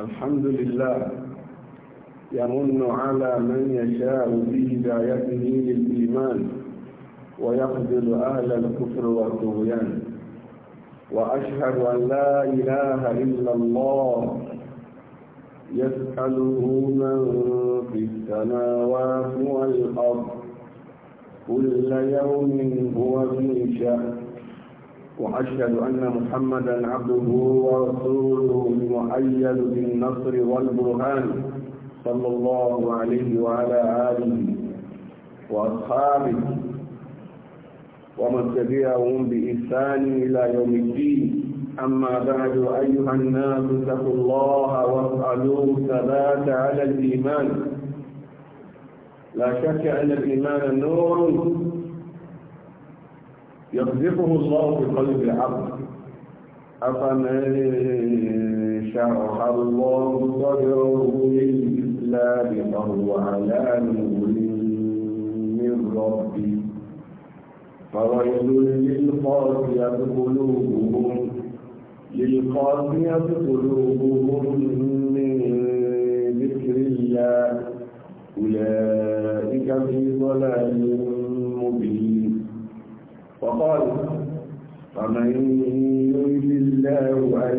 الحمد لله يمن على من يشاء بهدايته للإيمان ويقبل أهل الكفر والطغيان وأشهد أن لا إله إلا الله يسأله من في السماوات والأرض كل يوم هو في شأن وأشهد أن محمدا عبده ورسوله المؤيد بالنصر والبرهان صلى الله عليه وعلى آله وأصحابه ومن تبعهم بإحسان إلى يوم الدين أما بعد أيها الناس اتقوا الله وافعلوا الثبات على الإيمان لا شك أن الإيمان نور يقذفه الله في قلب العبد أفمن شرح الله صدره للإسلام فهو على نور من ربي فويل للقاسية قلوبهم للقاسية قلوبهم من ذكر الله أولئك في ضلال وقال فمن يريد الله أن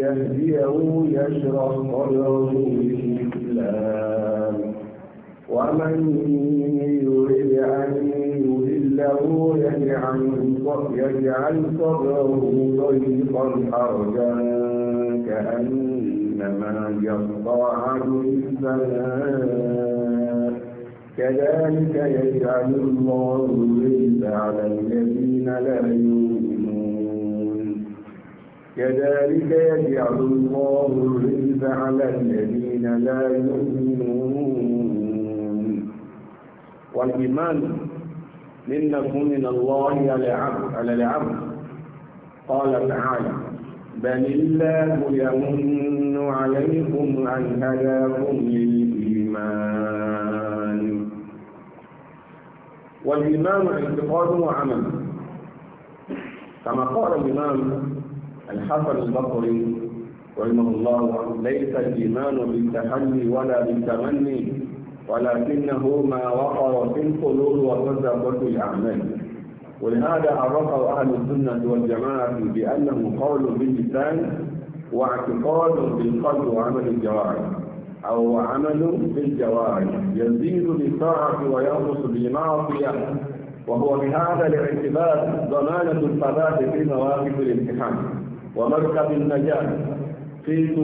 يهديه يشرح صدره للإسلام ومن يريد أن يهله يجعل صدره ضيقا حرجا كأنما يصعد في السماء كذلك يجعل الله الرجس على الذين لا يؤمنون كذلك يجعل الله الرجس على الذين لا يؤمنون والإيمان منكم من الله على العبد قال تعالى بل الله يمن عليكم أن هداكم للإيمان والإيمان اعتقاد وعمل كما قال الإمام الحسن البصري رحمه الله ليس الإيمان بالتحلي ولا بالتمني ولكنه ما وقر في القلوب في الأعمال ولهذا عرفه أهل السنة والجماعة بأنه قول باللسان واعتقاد بالقلب وعمل الجوارح أو عمل بالجوارح يزيد بالطاعة وينقص بالمعصية وهو بهذا الاعتبار ضمانة الثبات في مواقف الامتحان ومركب النجاة في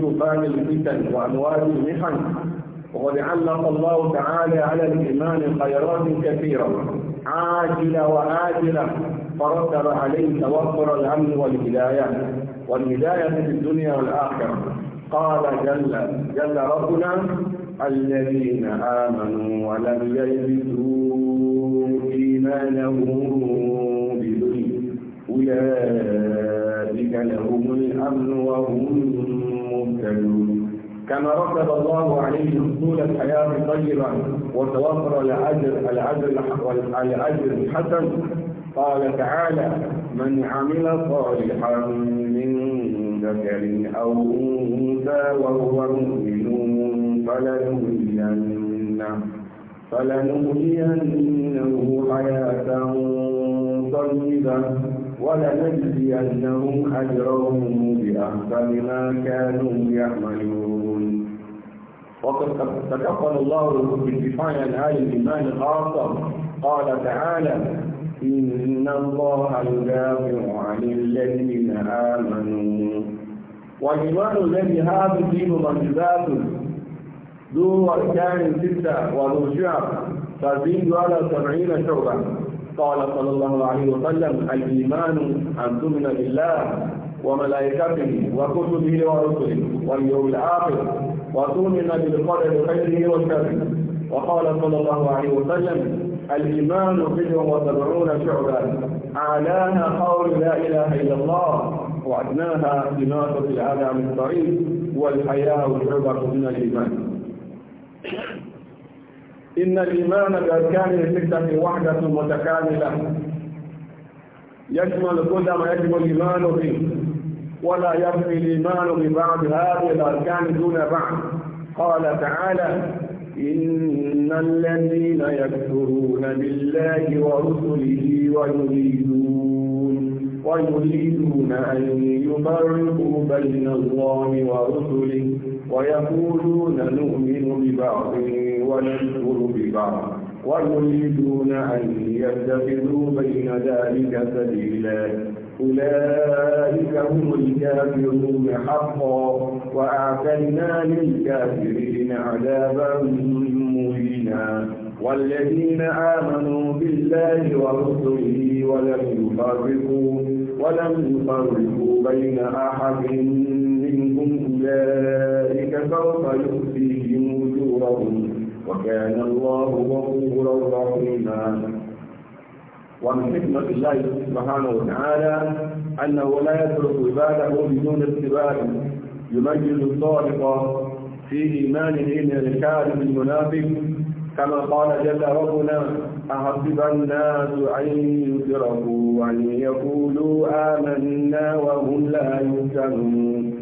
طوفان الفتن وأمواج المحن وقد علق الله تعالى على الإيمان خيرات كثيرة عاجلة وآجلة فرتب عليه توفر الأمن والهداية والهداية في الدنيا والآخرة قال جل جل ربنا الذين آمنوا ولم يلبسوا إيمانهم بظلم أولئك لهم الأمن وهم مهتدون كما رتب الله عليه طول الحياة طيبا وتوفر الأجر الأجر الأجر الحسن قال تعالى من عمل صالحا ذكر أو أنثى وهو مؤمن فلنهينه فلنهينه حياة طيبة ولنجزينهم أجرهم بأحسن ما كانوا يعملون وقد تكفل الله بالدفاع عن اهل الايمان خاصه قال تعالى ان الله يدافع عن الذين امنوا والإيمان الذي هذا الدين منجزات ذو أركان ستة وذو شعب تزيد على سبعين شعبة قال صلى الله عليه وسلم الإيمان أن تؤمن بالله وملائكته وكتبه ورسله واليوم الآخر وتؤمن بالقدر خيره وشره وقال صلى الله عليه وسلم الإيمان بضع وسبعون شعبة أعلاها قول لا إله إلا الله وعدناها إماطة الأذى من الطريق والحياة والعبر من الإيمان إن الإيمان بأركان الستة وحدة متكاملة يشمل كل ما يجب الإيمان به ولا يكفي الإيمان ببعض هذه الأركان دون بعض قال تعالى إن الذين يكفرون بالله ورسله ويريدون ويريدون أن يفرقوا بين الله ورسله ويقولون نؤمن ببعض ونشكر ببعض ويريدون أن يتخذوا بين ذلك سبيلا أولئك هم الكافرون حقا وأعتدنا للكافرين عذابا مهينا والذين آمنوا بالله ورسله ولم يفرقوا ولم يفرقوا بين أحد منهم أولئك سوف يؤتيهم أجورهم وكان الله غفورا رحيما ومن حكمة الله سبحانه وتعالى أنه لا يترك عباده بدون اتباع يميز الصادق في إيمانه من الكاذب المنافق كما قال جل ربنا أحسب الناس أن يدركوا أن يقولوا آمنا وهم لا يفتنون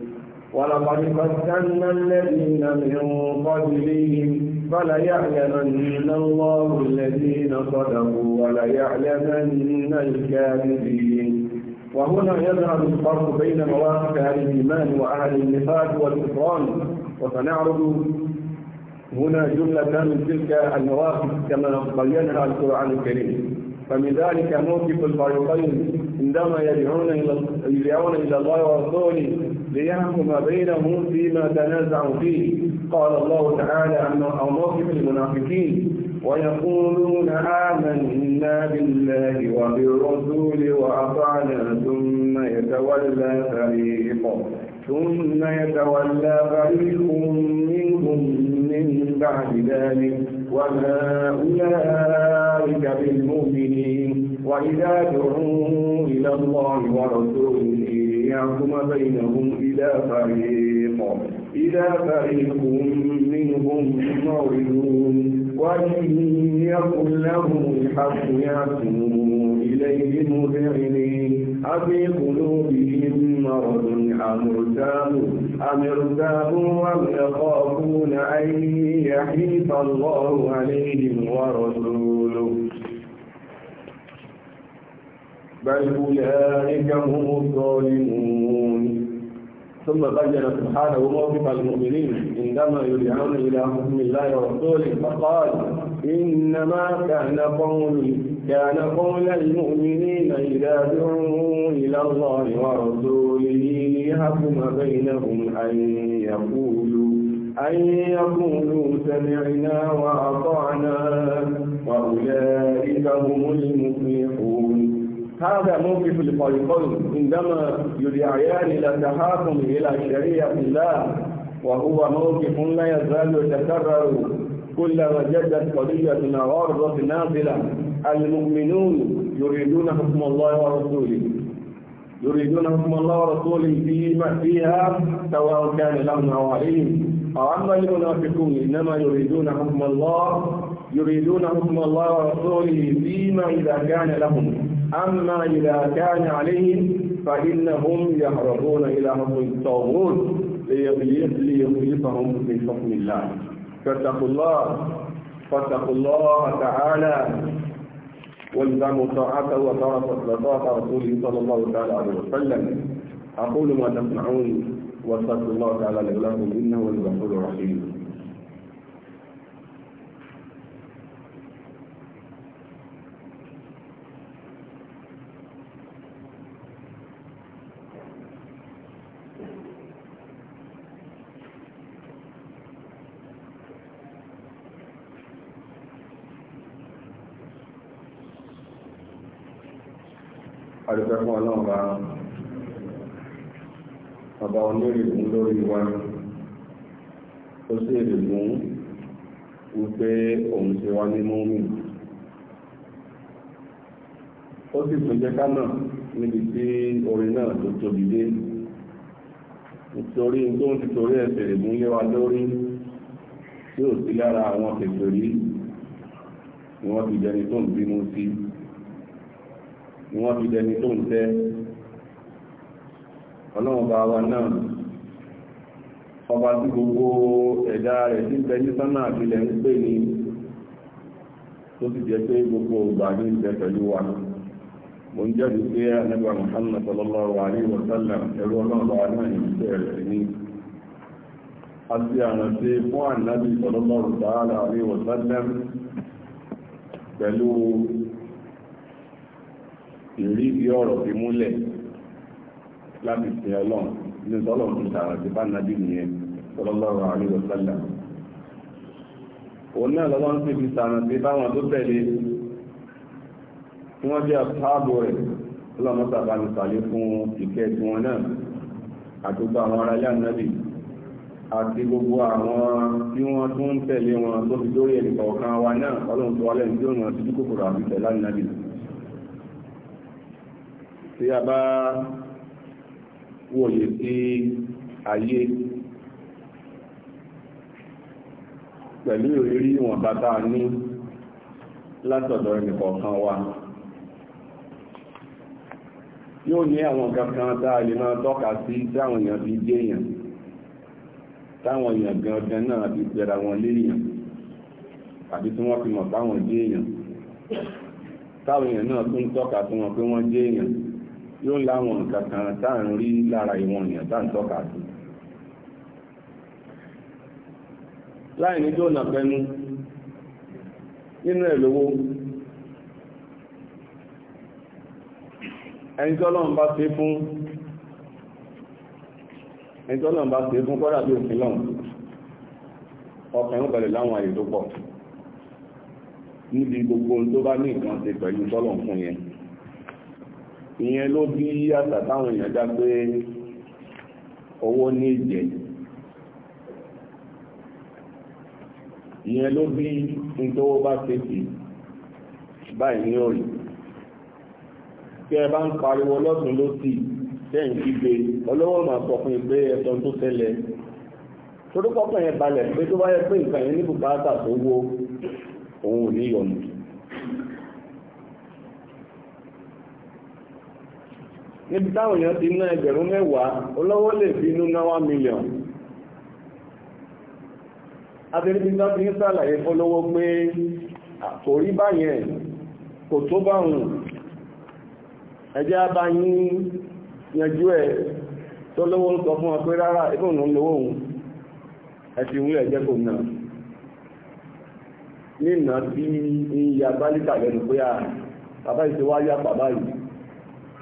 ولقد فتنا الذين من قبلهم فليعلمن الله الذين صدقوا وليعلمن الكاذبين وهنا يظهر الفرق بين مواقف أهل الإيمان وأهل النفاق والكفران وسنعرض هنا جملة من تلك المواقف كما بينها القرآن الكريم فمن ذلك موقف الفريقين عندما يدعون إلى يدعون إلى الله ورسوله ليحكم بينهم فيما تنازعوا فيه قال الله تعالى أو موقف المنافقين ويقولون آمنا بالله وبالرسول وأطعنا ثم يتولى فريق ثم يتولى فريق منهم من بعد ذلك وما أولئك بالمؤمنين وإذا دعوا إلى الله ورسوله ليحكم بينهم إلى فريق إلى فريق منهم معرضون وإن يكن له الحق يأتوا إليه مذعنين أفي قلوبهم مرض أم ارتابوا أم ارتابوا أم يخافون أن يحيف الله عليهم ورسوله بل أولئك هم الظالمون ثم بين سبحانه موقف المؤمنين عندما يدعون الى حكم الله ورسوله فقال انما كان قول كان قول المؤمنين اذا دعوا الى الله ورسوله ليحكم بينهم ان يقولوا أن يقولوا سمعنا وأطعنا وأولئك هم المفلحون هذا موقف الفريقين عندما يدعيان الى التحاكم الى شريعه الله وهو موقف لا يزال يتكرر كلما جدت قضيه غارضه نازله المؤمنون يريدون حكم الله ورسوله يريدون حكم الله ورسوله فيما فيها سواء كان لهم او عليهم اما المنافقون انما يريدون حكم الله يريدون حكم الله ورسوله فيما إذا كان لهم أما إذا كان عليهم فإنهم يهربون إلى حكم الطاغوت ليخلصهم من حكم الله فاتقوا الله فاتقوا الله تعالى والزموا طاعته وطاعة رسوله صلى الله تعالى عليه وسلم أقول ما تسمعون وصلى الله تعالى لكم إنه الغفور الرحيم ọpẹ́ fún ọlọ́run bá ọba lórí wa ó sì rìbùn wípé òun ti wá ní mọ́mí ó sì tún jẹ́ ká náà níbi tí orin náà tó tóbi dé nítorí tó ń tìtorí ẹ̀sẹ̀ rìbùn lé wa lórí tí ò sí lára àwọn kèfèrí ni ti jẹni tó ń bínú sí. Si ni wọ́n fi dẹni tó ń tẹ́ ọlọ́run bá wa náà ọba tí gbogbo ẹ̀dá rẹ̀ tí ń bẹ ní sánà àbílẹ̀ ń pè ní tó sì jẹ́ pé gbogbo ìgbà ní ìbẹ̀ pẹ̀lú wa mo ń jẹ́rìí pé anábà Muhammad sallallahu alaihi wa sallam ẹ̀rọ ọlọ́run wa náà ní ìṣẹ́ rẹ̀ ní àti àrántí fún ànábì sallallahu alaihi wa sallam pẹ̀lú ìrírí ọ̀rọ̀ fi múlẹ̀ láti sin ọlọ́run ní sọ́lọ̀ tó sàrà sí bánadí nìyẹn sallallahu alaihi wa sallam òun náà lọ́wọ́ ń sì fi sàrà sí báwọn tó tẹ̀lé tí wọ́n jẹ́ àbábò rẹ̀ ọlọ́mọ́ta bá ní sàlẹ̀ fún ìkẹ́ tí wọn náà àtúgbà àwọn ará ilé ànábì àti gbogbo àwọn tí wọ́n tún ń tẹ̀lé wọn tó fi dórí ẹnìkọ̀ọ̀kan wa náà ọlọ́run tó wálẹ̀ ní tí ó ràn án sí kòkòrò àbí tẹ̀lá náà tí a bá wòye sí ayé pẹ̀lú ìrírí ìwọ̀nba tá a ní látọ̀dọ̀ ẹnìkọ̀ọ̀kan wa yóò ní àwọn kankan tá a lè máa tọ́ka sí táwọn èèyàn fi dé èèyàn táwọn èèyàn gangan náà fi pẹ̀ra wọn léèyàn àbí tí wọ́n fi mọ̀ táwọn dé táwọn èèyàn náà tún tọ́ka sí wọn pé wọ́n dé yóò láwọn nǹkan kan tá à ń rí lára ìwọ̀n èèyàn tá à ń tọ́ka sí. láì ní tó nàpẹnu nínú ẹ̀ lówó ẹni tọ́lọ́run bá ṣe fún ẹni tọ́lọ́run bá ṣe fún kọ́dà bí òfin lọ́run ọkàn ń bẹ̀rẹ̀ láwọn àyè tó pọ̀ níbi gbogbo ohun tó bá ní nǹkan pẹ̀lú tọ́lọ́run fún yẹn ìyẹn ló bí àṣà táwọn èèyàn já pé owó ní ìjẹ ìyẹn ló bí nítòwó bá ṣe sí báyìí ní òrì tí ẹ bá ń pariwo lọ́sùn ló sì tẹ́ ń kígbe ọlọ́wọ́ máa sọ fún ìgbé ẹ̀sọ́ tó tẹ́lẹ̀ torí pọ́pọ̀ yẹn balẹ̀ pé tó bá yẹ pé nǹkan yẹn ní bùkátà tó wó òun ò ní yọ̀nù níbi táwọn èèyàn ti ná ẹgbẹ̀rún mẹ́wàá olówó lè fi inú ná wá mílíọ̀n adẹ́rẹ́bí tó fi ń sàlàyé fọ́lọ́wọ́ pé kò rí báyẹn kò tó báhùn ẹjẹ́ bá yín yanjú ẹ̀ tó lówó ń sọ fún ọ pé rárá ìfòhùn lówó òun ẹ̀sìn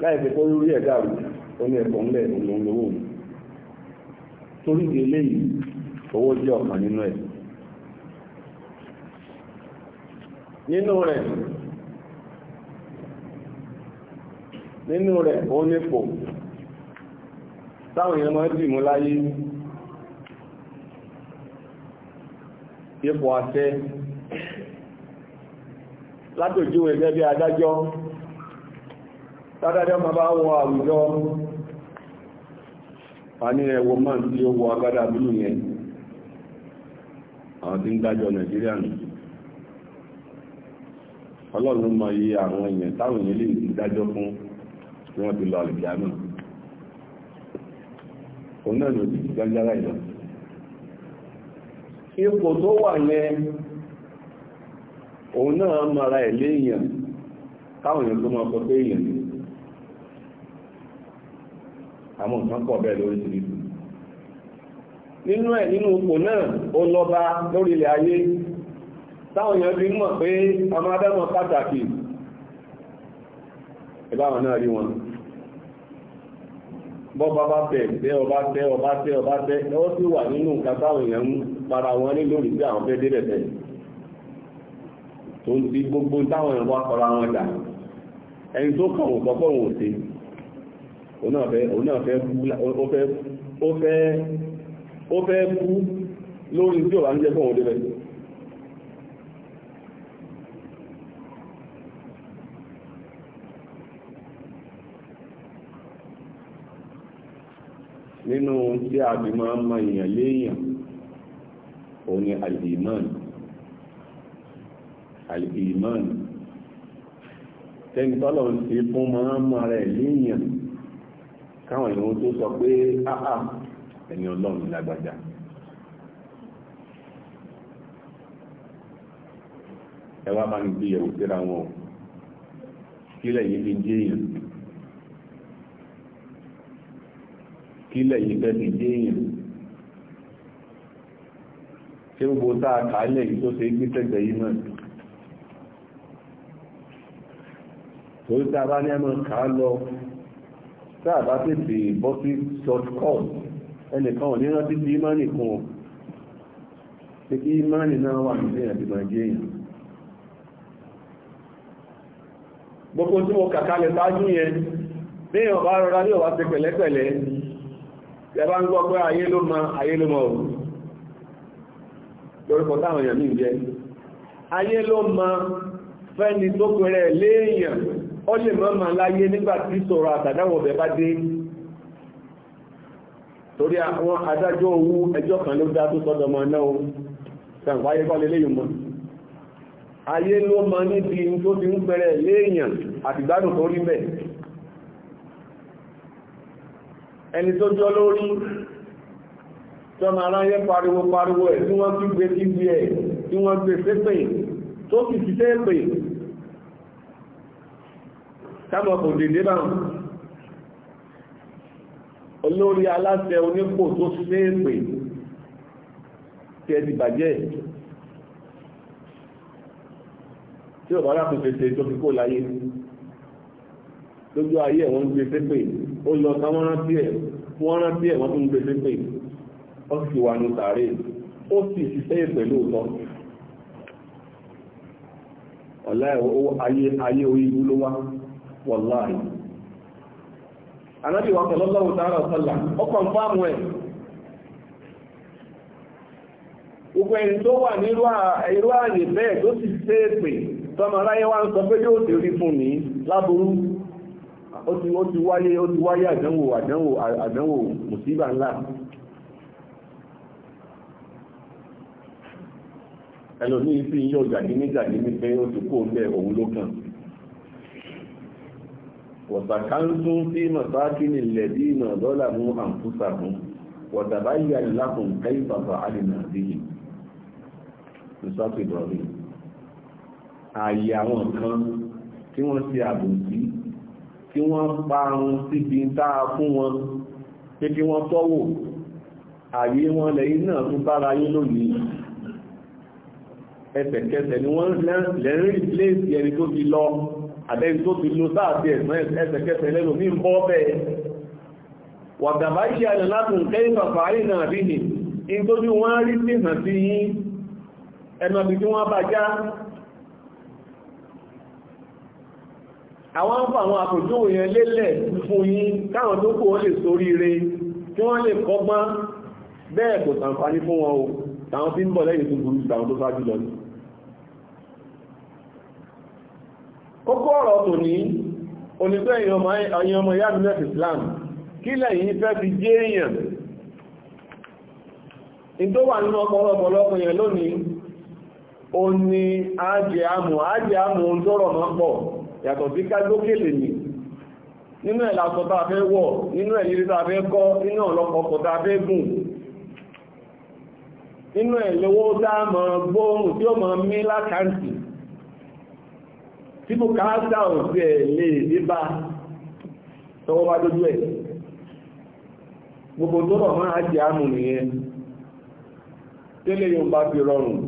láì fi kó lórí ẹ̀dá rú ó ní ẹ̀kọ́ òun lówó torí eléyìí owó jẹ́ ọ̀kan nínú ẹ̀ nínú rẹ̀ nínú rẹ̀ ó nípò táwọn èèyàn máa ń láyé ipò àṣẹ látòjú ẹgbẹ́ bí tádádá ma bá wọ àwùjọ a ní ẹwọ máa tí ó wọ agbádá bínú yẹn àwọn tí ń dájọ nàìjíríà nù ọlọ́run mọ àwọn èèyàn táwọn èèyàn lè fún tí wọ́n ti lọ náà òun náà lòdì ti ipò tó wà yẹn òun náà mara ẹ̀ léèyàn èèyàn tó máa sọ pé èèyàn àwọn nǹkan pọ̀ bẹ́ẹ̀ lórí ti dùn nínú ẹ̀ nínú ipò náà ó lọ́ba lórí ilẹ̀ ayé táwọn èèyàn fi mọ̀ pé ọmọ abẹ́mọ̀ pàtàkì ìbáwọn náà rí wọn bọ́ba bá tẹ̀ tẹ́ ọba tẹ́ ọba tẹ́ ọba tẹ́ ó sì wà nínú nǹkan táwọn èèyàn para wọn ní lórí tí àwọn fẹ́ débẹ̀ tẹ́ tó ń ti gbogbo táwọn èèyàn wá kọra wọn dà ẹni tó kàn wọ́n sọ pé ò òun náà fẹ́ kú lórí tí ò bá ń jẹ́ fún òun débẹ̀ nínú tí a bí máa ń ma èèyàn léèyàn o ni alìmán alìmán tẹ́ni tọ́lọ̀ ń ṣe fún máa ń ma rẹ̀ léèyàn káwọn èèyàn tó sọ pé áhà ah, ah, ẹni ọlọ́run lágbájá ẹ wá bá ń gbé yẹ̀wò síra wọn o kílẹ̀ yìí fi dé èèyàn kílẹ̀ yìí fẹ́ fi dé èèyàn ṣé gbogbo tá a kà á lẹ̀ yìí tó ṣe gbé tẹ̀gbẹ̀ yìí náà torí tá a ní ẹ̀mọ́ kà á lọ tá a bá tètè bọ́ sí shortcut ẹnìkan ò ní rántí sí ìmánì kan o pé kí ìmánì náà wà ní ìyàn àti nàìjíríà èèyàn gbogbo tí mo kàkalẹ̀ sáájú yẹn léèyàn bá rọra ní ọ̀wá ṣe pẹ̀lẹ́pẹ̀lẹ́ ẹ bá ń gbọ́ pé ayé ló mọ ayé ló mọ o lórúkọ táwọn èèyàn mí jẹ ayé ló mọ fẹ́ni tó pẹ̀rẹ̀ léèyàn ó lè mọ́ máa láyé nígbà tí sọ̀rọ̀ àtàdáwọ̀ ọ̀bẹ̀ bá dé torí àwọn adájọ́ owó ẹjọ́ kan ló dá tó sọ́dọ̀ mọ́ náà sàǹkọ́ ayé kọ́ lélẹ́yìn mọ́ ayé ló mọ́ níbi tó fi ń pẹ̀rẹ̀ léèyàn àtìgbádùn tó rí mẹ́ ẹni tó jọ lórí tọ́mọ aráyé pariwo pariwo ẹ̀ tí wọ́n gbé gbé ẹ̀ tí wọ́n gbé sépè tó sì fi sépè táwọn kò dèdè bá wọn olórí aláṣẹ onípò tó séèpè tí ẹ ti bàjẹ́ tí ọ̀bá alákòóso ṣe tó fi kó láyé lójú ayé ẹ̀ wọ́n ń gbé sépè ó lọ sáwọn rántí ẹ̀ wọ́n rántí ẹ̀ wọ́n tún ń gbé sépè ó sì wà ní sàárè ó sì ṣiṣẹ́ pẹ̀lú ọ̀tọ̀ ọ̀la ayé orí ibú ló wá wàláì anábì wa sọlọ́lọ́wọ́ tààrà ọsọla, ọ fáàmù ẹ̀ gbogbo ẹni tó wà nírú ààyè bẹ́ẹ̀ tó sì ti rí fún ní láburú ó ti ó ti wáyé o ti wáyé àdánwò àdánwò àdánwò mùsíbà ńlá ẹlòmíín yọ ní wọ̀sàkántún sí mọ̀sáàkínì lẹ̀dí ìnà lọ́là mú àǹfúsà fún wọ̀tàbáyà lákùn kẹ́yìnbàbà àdìnà àdìyí ìsọ́pì lọ́rí ààyè àwọn kan tí wọ́n ṣe àbòsí tí wọ́n parun síbi táa fún wọn pé kí wọ́n tọ́wò ààyè wọn lẹ́yìn náà tún bára yín lónìí ẹsẹ̀kẹsẹ̀ ni wọ́n lẹ́rìn léèsì ẹni tó fi lọ àbẹ́yìn tó ti lo sáàtì ẹ̀sán ẹsẹ̀kẹsẹ̀ lẹ́nu ní bọ́ bẹ́ẹ̀ wàgbàbá ṣe àlẹ́ látùn kẹ́yìnbà fàáyì náà rí ni in tó ní wọ́n rí sí hàn sí yín ẹnàbí tí wọ́n bá já àwọn ń fa àwọn àpòjúwò yẹn lélẹ̀ fún yín káwọn tó kù wọ́n lè sórí re kí wọ́n lè kọ́gbọ́n bẹ́ẹ̀ kò sàǹfààní fún wọn o tàwọn tí ń bọ̀ lẹ́yìn kókó ọ̀rọ̀ tò ní onígbẹ́ ẹ̀yin ọmọ ìyá mílẹ̀ Islam kí lẹ́yìn fẹ́ fi jẹ́ èèyàn in tó wà nínú ọ̀pọ̀lọpọ̀ yẹn lónìí o ní ajẹ́ amù ajẹ́ amù ohun tó rọ̀ mọ́ pọ̀ yàtọ̀ sí kágbókèlè ní nínú ẹ̀ lásọ tá a fẹ́ wọ̀ nínú ẹ̀ lílé tá a fẹ́ kọ́ nínú ọ̀lọ́pọ̀ tá a fẹ́ gùn nínú ẹ̀ lówó tá a mọ̀ gbóhùn tí ó mọ̀ mí lákàntì tí mo ká dá òfin ẹ̀ lè ní bá tọwọ́ bá dójú ẹ̀ gbogbo tó rọ̀ máa jẹ́ àmù nìyẹn tẹ́lẹ̀ yóò bá fi rọrùn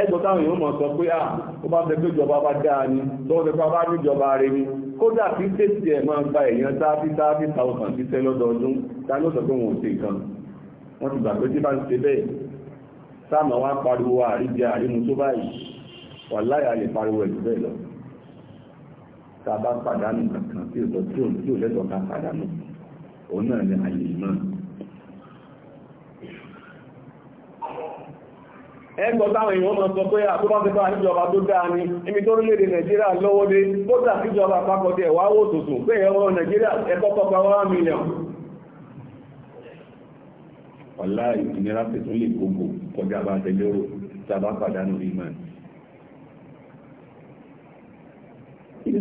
ẹgbọ́ táwọn yóò mọ̀ sọ pé à ó bá fẹ́ pé ìjọba bá dáa ni tọ́wọ́ fẹ́ pá bá ní ìjọba rẹ̀ ni kódà kí tẹ́sí ẹ̀ máa gba èèyàn táàbí táàbí tàwọn sí tẹ́ lọ́dọọdún ta ló sọ pé wọn ò ṣe nǹkan wọ́n ti gbà tí bá ń ṣe bẹ́ẹ̀ sáàmù wa pariwo àríjẹ àrímu tó báyìí wà láyà lè pariwo ẹ̀ bẹ́ẹ̀ lọ tá a bá pàdánù kankan tí ò tí ò tí ò lẹ́tọ̀ọ́ ká pàdánù òun náà ni àyè náà. ẹgbọ́n táwọn èèyàn máa sọ pé àtúbá ti bá ìjọba tó dáa ni ibi tó orílẹ̀-èdè nàìjíríà lọ́wọ́ dé kódà síjọba àpapọ̀ tẹ̀ wá wò tòtùn pé ẹ̀rọ nàìjíríà ẹ̀kọ́kọ́ pa wá mílíọ̀n ọ̀la ìnira pẹ̀tún lè gbogbo kọjá bá tẹ̀lérò tàbá pàdánù ìmọ̀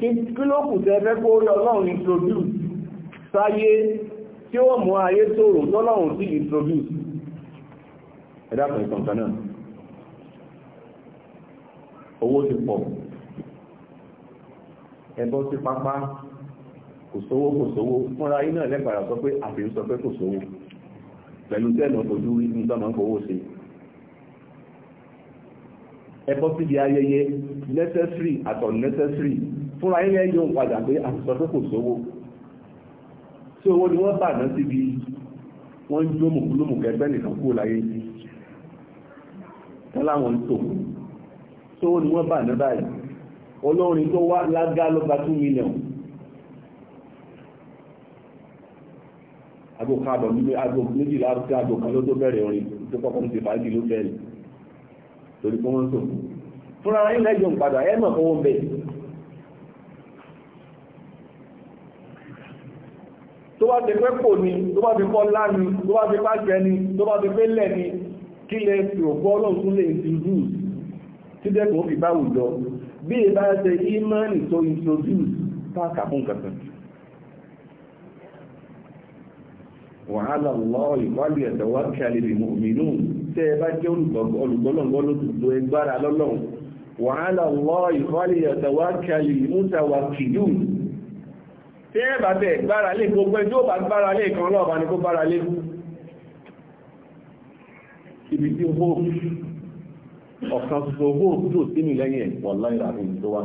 kí ló kù tẹ́ fẹ́ kó rí ọlọ́run introduce sáyé tí ó mú ayé tòrò tọ́lọ́run sí introduce ẹ̀dá kan ìkọ̀ǹkan náà owó ti pọ̀ ẹbọ sí pápá kò sówó kò sówó fúnra iná ẹlẹ́gbàrà sọ pé àfihàn sọ pé kò sówó pẹ̀lú tẹ́ẹ̀nà ojú rí ní tọ́mọ̀ ń fowó sí ẹbọ sí di ayẹyẹ necessary àtọ̀ necessary fúnra yẹn yóò padà pé àtúntò pé kò sówó tí owó ni wọ́n bà náà síbi wọ́n ń jó mùkúlùmù kẹgbẹ́ nìkan kú láyé yìí tọ́láwọn ń tò tí owó ni wọ́n bà náà báyìí olórin tó wá lágá ló gba two million aago káàbọ̀ nílé aago méjìlá àti aago kan ló tó bẹ̀rẹ̀ orin tó kọ́kọ́ ń ṣe fàájì ló bẹ̀rẹ̀ torí pé wọ́n ń tò fúnra yín lẹ́jọ́ padà ẹ̀ mọ̀ fọwọ́ bẹ́ẹ̀ tó bá ti pé kò ní tó bá ti pọ́ láni tó bá ti pàṣẹ ni tó bá ti pé lẹ̀ ni kí lẹ fi òkú ọlọ́run lè di rúù tí dẹ́kun ó fi bá àwùjọ bí ẹ bá ṣe ímánì tó introduce táàkà fún kankan wàhálà lọ́ọ̀ ìwádìí ẹ̀dọ̀wà kí a lè rí mọ̀mínú tẹ́ ẹ bá jẹ́ olùgbọ́lọ́gbọ́ lódòdó ẹgbára lọ́lọ́run wàhálà lọ́ọ̀ ìwádìí ẹ̀dọ̀wà kí a lè rí mọ́tàwà kìlú tí ẹ bá tẹ̀ gbára lé gbogbo ẹni tó bá gbára lé kan lọ́ọ̀bá ni kó gbára lé ibi tí ó ọ̀kan ṣoṣo owó tó sínú lẹ́yìn ẹ̀ wọ́n láyé àbí tó wà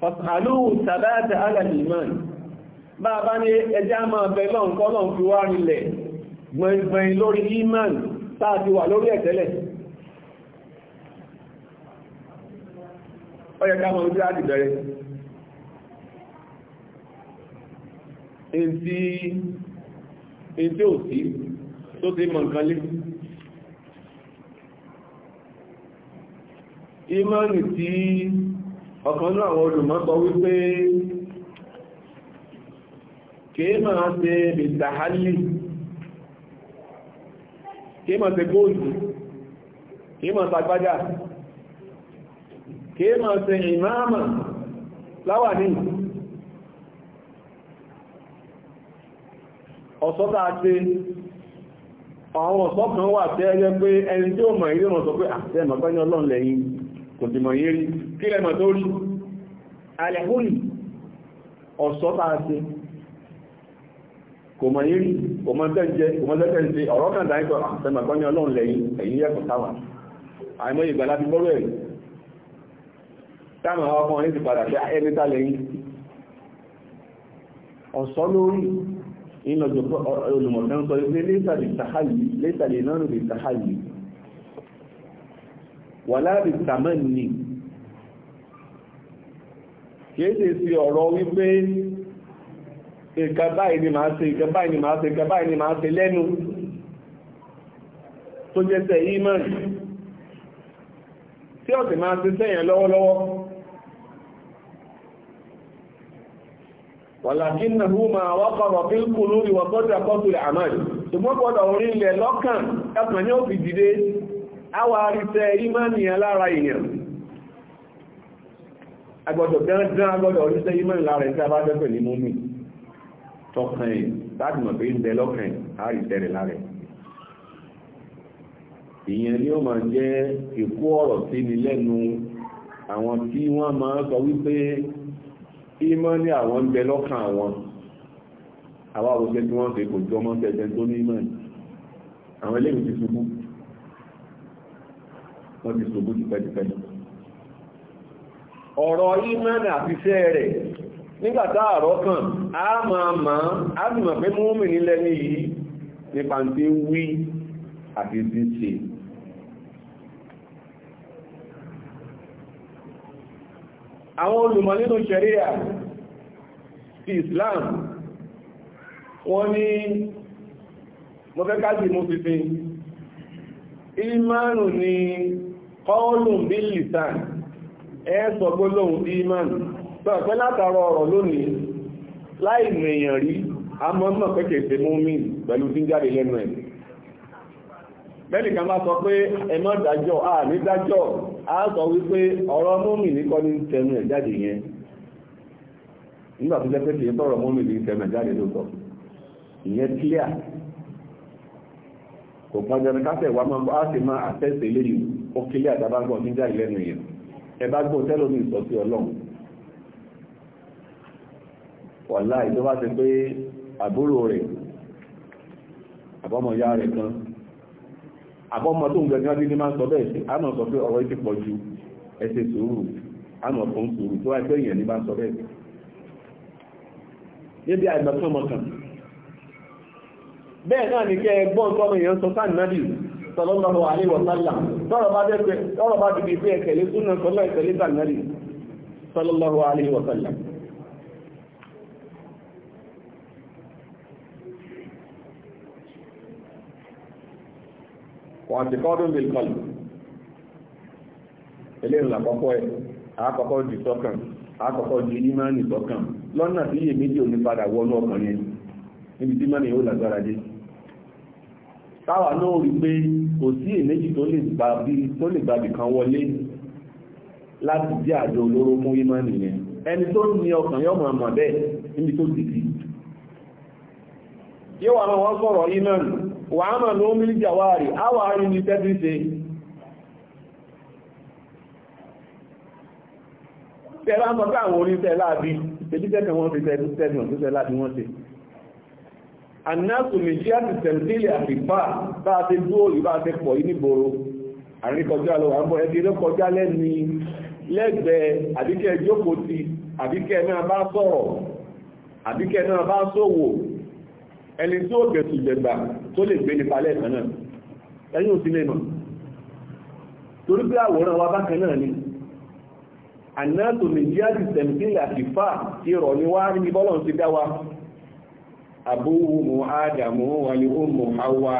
fàtàlù tàbátà alàlìmán bá bá ní ẹjá máa bẹ lọ́nkọ́ lọ́n fi wá rinlẹ̀ gbẹ̀ngbẹ̀n lórí imán táà ti wà lórí ẹ̀tẹ́lẹ̀ ọyẹ ká mọ̀ ojú láti bẹ̀rẹ̀ in tí ò sí tó ti mọ̀ nǹkan lé ìmọ̀nì tí ọ̀kan náà àwọn olùmọ́sọ wípé kìí máa ṣe bìtàhálì kìí máa ṣe góòlù kìí máa ṣàgbájá kìí máa imama ìmáàmà láwà ní ọ̀sọ́ta ṣe àwọn ọ̀sọ́ kan wà tẹ́ ẹgbẹ́ pé ẹni tí ó mọ̀ ilé wọn sọ pé àtẹ́mọ̀ ah, pẹ́ ní ọlọ́run lẹ́yìn kò ti mọ̀ kí lẹ́mọ̀ tó rí alẹ́kùnrin ọ̀sọ́ta kò mọ̀ kò mọ̀ kò mọ̀ ọ̀rọ̀ táàmù àwọn ọmọ orin ti padà pé ẹni tá lẹ́yìn ọ̀sọ́ lórí ìlọ́jọ́ olùmọ̀tẹ́ ń sọ pé lẹ́sàlẹ̀ sàhálì lẹ́sàlẹ̀ náà lè sàhálì wà láàrin tàmánì kìí ṣe sí ọ̀rọ̀ wípé ìkà báyìí ni máa ṣe sẹ́yìn lọ́wọ́lọ́wọ́ wàlàkínàhú ma wákọ̀rọ̀ fi ń kú lórí wọ̀kọ́dà kọ́tùlẹ̀ àmàlì ṣùgbọ́n gbọ́dọ̀ orí ilẹ̀ lọ́kàn ẹkùn ní ó fi dìde àwà àríṣẹ́ ìmánìyàn lára èèyàn agbọ́dọ̀ dandan agbọ́dọ̀ oríṣẹ́ ìmánì lára ẹ̀ṣẹ́ abájọ́pẹ̀ ní mú mi tọkàn ẹ̀ láti mọ̀ pé ń bẹ lọ́kàn àríṣẹ́ rẹ̀ lára ìyẹn ni ó máa jẹ́ ìkó ọ̀rọ̀ sí ni lẹ́nu àwọn tí wọ́n máa sọ wípé ìmọ̀ ní àwọn ń bẹ lọ́kàn àwọn àwọn àwòṣẹ́ tí wọ́n fẹ́ kò jọ mọ́ tẹ̀sẹ̀ tó ní ìmọ̀ àwọn eléyìí ti ṣubú wọ́n ti ṣubú tipẹ́tipẹ́ ọ̀rọ̀ ìmọ̀ àti iṣẹ́ rẹ̀ nígbàtá àrọ́ kan a máa máa á sì mọ̀ pé múmi nílẹ̀ ní yìí nípa ti wí àti ti ṣe àwọn olùmọ̀ nínú ṣẹ̀ríà ti Islam wọ́n ní mo fẹ́ káàkiri mú fífin ìmánù ni kọ́ọ̀lùn bí lìsàn ẹ́sọ̀ gbólóhùn ìmánù tó pẹ́ látàrọ ọ̀rọ̀ lónìí láì mẹ̀yàn rí a mọ́ mọ̀ pẹ́kẹ̀ tẹ mú mí pẹ̀lú tí jáde lẹ́nu ẹ̀ bẹ́ẹ̀lì kan bá sọ pé ẹmọ́ dájọ́ à ní dájọ́ a sọ wípé ọ̀rọ̀ mọ́mì ní kọ́ ní tẹnu ẹ̀ jáde yẹn nígbà tó jẹ́ pé kìí tọ̀rọ̀ mọ́mì ní tẹnu ẹ̀ jáde ìyẹn clear kò pọn jẹun kásẹ̀ wà máa á sì máa àtẹ́sẹ̀ léyìn ó kílé àtàbágbọ́n ní jáì lẹ́nu yẹn ẹ bá gbọ́ tẹ́lómi sọ sí ọlọ́run wàláì àbọ́mọ tó ń gbẹ̀ níwájú ní máa ń sọ bẹ́ẹ̀ sí àmọ́ sọ pé ọ̀rọ̀ ti pọ̀ ju ẹsẹ̀ sùúrù àmọ́ fún sùúrù tó wáyé pé èèyàn ní bá ń sọ bẹ́ẹ̀ sí. níbi àìgbàsán ọmọkàn bẹ́ẹ̀ náà ni kẹ́ ẹgbọ́n tọ́mọ èèyàn sọ sáà nàbì sallallahu alaihi wa sallam tọ́rọ̀ bá dìbì pé ẹ̀kẹ̀lé súnà sọlọ́ ẹ̀kẹ̀lé wọ́n ti kọ́dún bí kọlù ilé ìrìnlẹ̀ àkọ́kọ́ ẹ̀ àkọ́kọ́ di sọ́kàn àkọ́kọ́ di ìmánì sọ́kàn lọ́nà tí iye méjì òní padà wọnú ọkàn yẹn níbi tí mọ́ni yóò lágbára dé táwa náà rí pé kò sí èméjì tó lè gbà bì kan wọlé láti jẹ́ àjọ olóró fún ìmánì yẹn ẹni tó ní ọkàn yóò mọ̀ mọ̀ bẹ́ẹ̀ níbi tó ti di yóò wà máa wọ́n sọ̀rọ̀ ìmánì wà á máa lóó mílì jàwárì àwà àrí ní tẹ́bí ṣe tẹ́lá ń sọ́kọ́ àwọn orí tẹ́lá bí tẹ́bítẹ́kẹ́ wọ́n ti tẹ́bí wọ́n ti tẹ́lá bí wọ́n ti annáàtù lè ṣe àti tẹ̀lé àfipá bá ti dúó ìbá ti pọ̀ yí nígboro àríkọjá lọ àwọn ẹbí lọ́kọjá lẹ́ni lẹ́gbẹ̀ẹ́ àbíkẹ́ jókòó ti àbíkẹ́ náà bá sọ̀rọ̀ àbíkẹ́ náà bá sówò ẹni tí ó gẹ̀ẹ́sù jẹgbà tó lè gbé nípa lẹ́ẹ̀kan náà ẹ̀yìn òsì lè mọ̀ torí pé àwòrán wa bákan náà ni ànáàtò nìjíríàdì tẹ̀mìtìlì àtìfà tí rọ̀ ní wá ní bọ́lọ̀ ti dá wa àbúwù mú ádámù wà ní ó mú hawa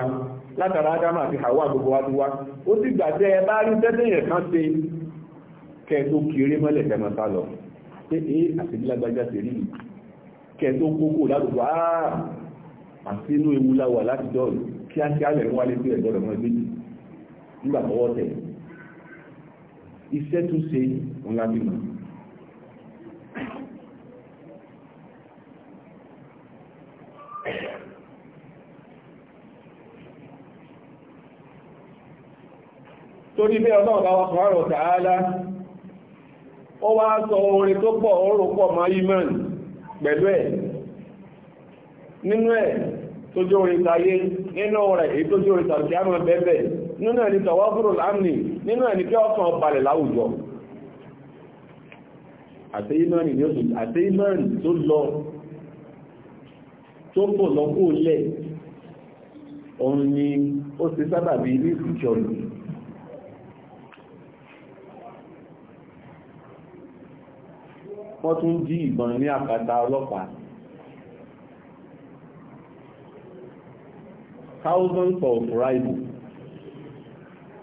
látara ádámù àti hawa gbogbo wa ti wá ó sì gbà tẹ́ ẹ bá rí tẹ́tẹ́ yẹn kan ṣe kẹ́ẹ̀tó kiri mọ́lẹ̀ tẹ́mọ̀tá lọ pé é àti lágbájá ti rí kẹ́ẹ̀tó kókó ládùúgbò áà àti inú ewu la wà láti dọ́ọ̀lù kíákíá lẹ̀ ń wálé bí ẹ̀gbọ́n ọmọ ẹgbẹ́ jù nígbà tọwọ́ tẹ̀. iṣẹ́ tún ṣe òun la bímọ. torí bẹ́ẹ̀ ọlọ́run bá wa subhanahu wa ta'ala ó wá sọ orin tó pọ̀ ó rò pọ̀ mọ́ imán pẹ̀lú ẹ̀ nínú ẹ̀ tó jẹ́ orin tayé nínú rẹ̀ èyí tó jẹ́ orin a àmọ́ bẹ́ẹ̀bẹ̀ nínú ẹ̀ ní tọ̀wọ́bùrù lámì nínú ẹ̀ ní kí ọkàn balẹ̀ láwùjọ àtẹ́yìmọ́rin tó lọ tó pò lọ́kó lẹ̀ òun ni ó ti sábàbí ní ìjọlù wọ́n tún jí ìbọn ní àkàtà ọlọ́pàá thousands of rivals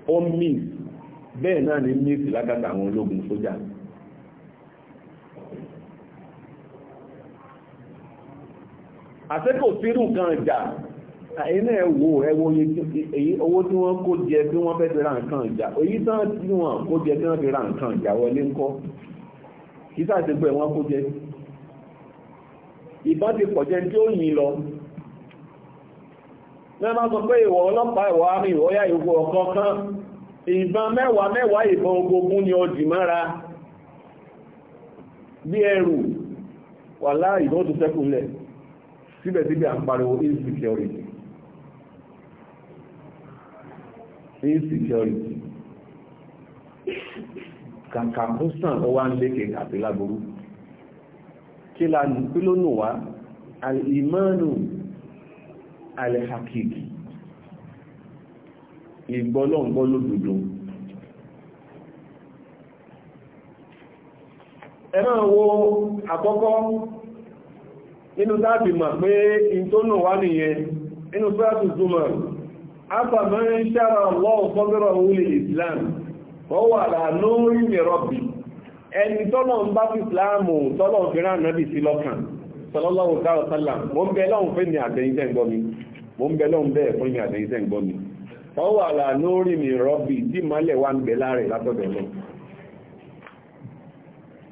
ó miss bẹ́ẹ̀ náà ní miss lákàtà àwọn ológun sójà àṣẹ́kò sírù kan ìjà iná ẹ̀wò ẹwọ owó tí wọ́n kó jẹ tí wọ́n fẹ́ fi ra nǹkan ìjà èyí tán tí wọ́n kó jẹ tí wọ́n fi ra nǹkan ìjà wọlé ńkọ́ kí sáà ti gbọ́ ẹ̀ wọ́n kó jẹ ìbọn ti pọ̀ jẹ tí ó yìn lọ mẹ́má sọ pé ìwọ̀ ọlọ́pàá ìwọ̀ àmì ìwọ̀yá ìwọ̀ ọ̀kọ̀ọ̀kan ìbọn mẹ́wàá mẹ́wàá ìbọn ogun ni ọdì mọ́ra bí ẹrù wà láàrí ìbọn tó sẹ́kùnlẹ̀ síbẹ̀síbẹ̀ à ń pariwo insecurity insecurity kàkà kó sàn ó wá ń lékè kàtí lágbóró kí ló nù wá al-imanu alihakiki ìgbọ́lọ́ngbọ́ lódodo ẹ máa wo àkọ́kọ́ nínú tábì mà pé ìtónù wá nìyẹn nínú sọ́ọ̀tù zuma afa mẹ́rin ṣára lọ́wọ́ fọ́gbẹ́rọ̀ wúlé islam wọ́n wà lórí mẹ́rọ̀bì ẹni tọ́lọ̀ ń bá fi islamu tọ́lọ̀ fẹ́ràn náà bí sí lọ́kàn sọlọ́lọ́wọ́ sáàrọ̀ sálà mọ́ bẹ́ lọ́wọ́ fẹ́ ní àtẹ́yìntẹ́ gbọ́ mi mo ń bẹ lọ́n bẹ́ẹ̀ fún mi àtẹ̀yìn sẹ́ǹ gbọ́ mi ọwọ́ àlà lórí mi rọ́bì tí mọ́lẹ̀ wà ń bẹ láàrẹ̀ látọ̀dọ̀ lọ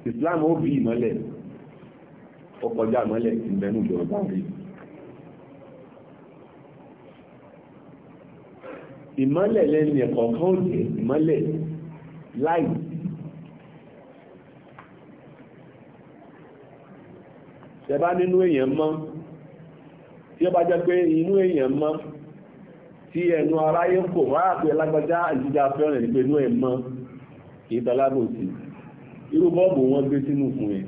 Islam ó bí ìmọ́lẹ̀ ó kọjá mọ́lẹ̀ ìbẹ̀nú ìjọba rí ìmọ́lẹ̀ lẹ́nu ẹ̀kọ̀ọ̀kan ó ìmọ́lẹ̀ láì ṣẹba nínú èèyàn mọ́ tí ó bá jẹ́ pé inú èèyàn mọ́ tí ẹnu aráyé kò wáyà pé lágbájá ìjíjà fẹ́ràn ní pé inú ẹ̀ mọ́ kì í talábòsí irú bọ́ọ̀bù wọn gbé sínú fún ẹ̀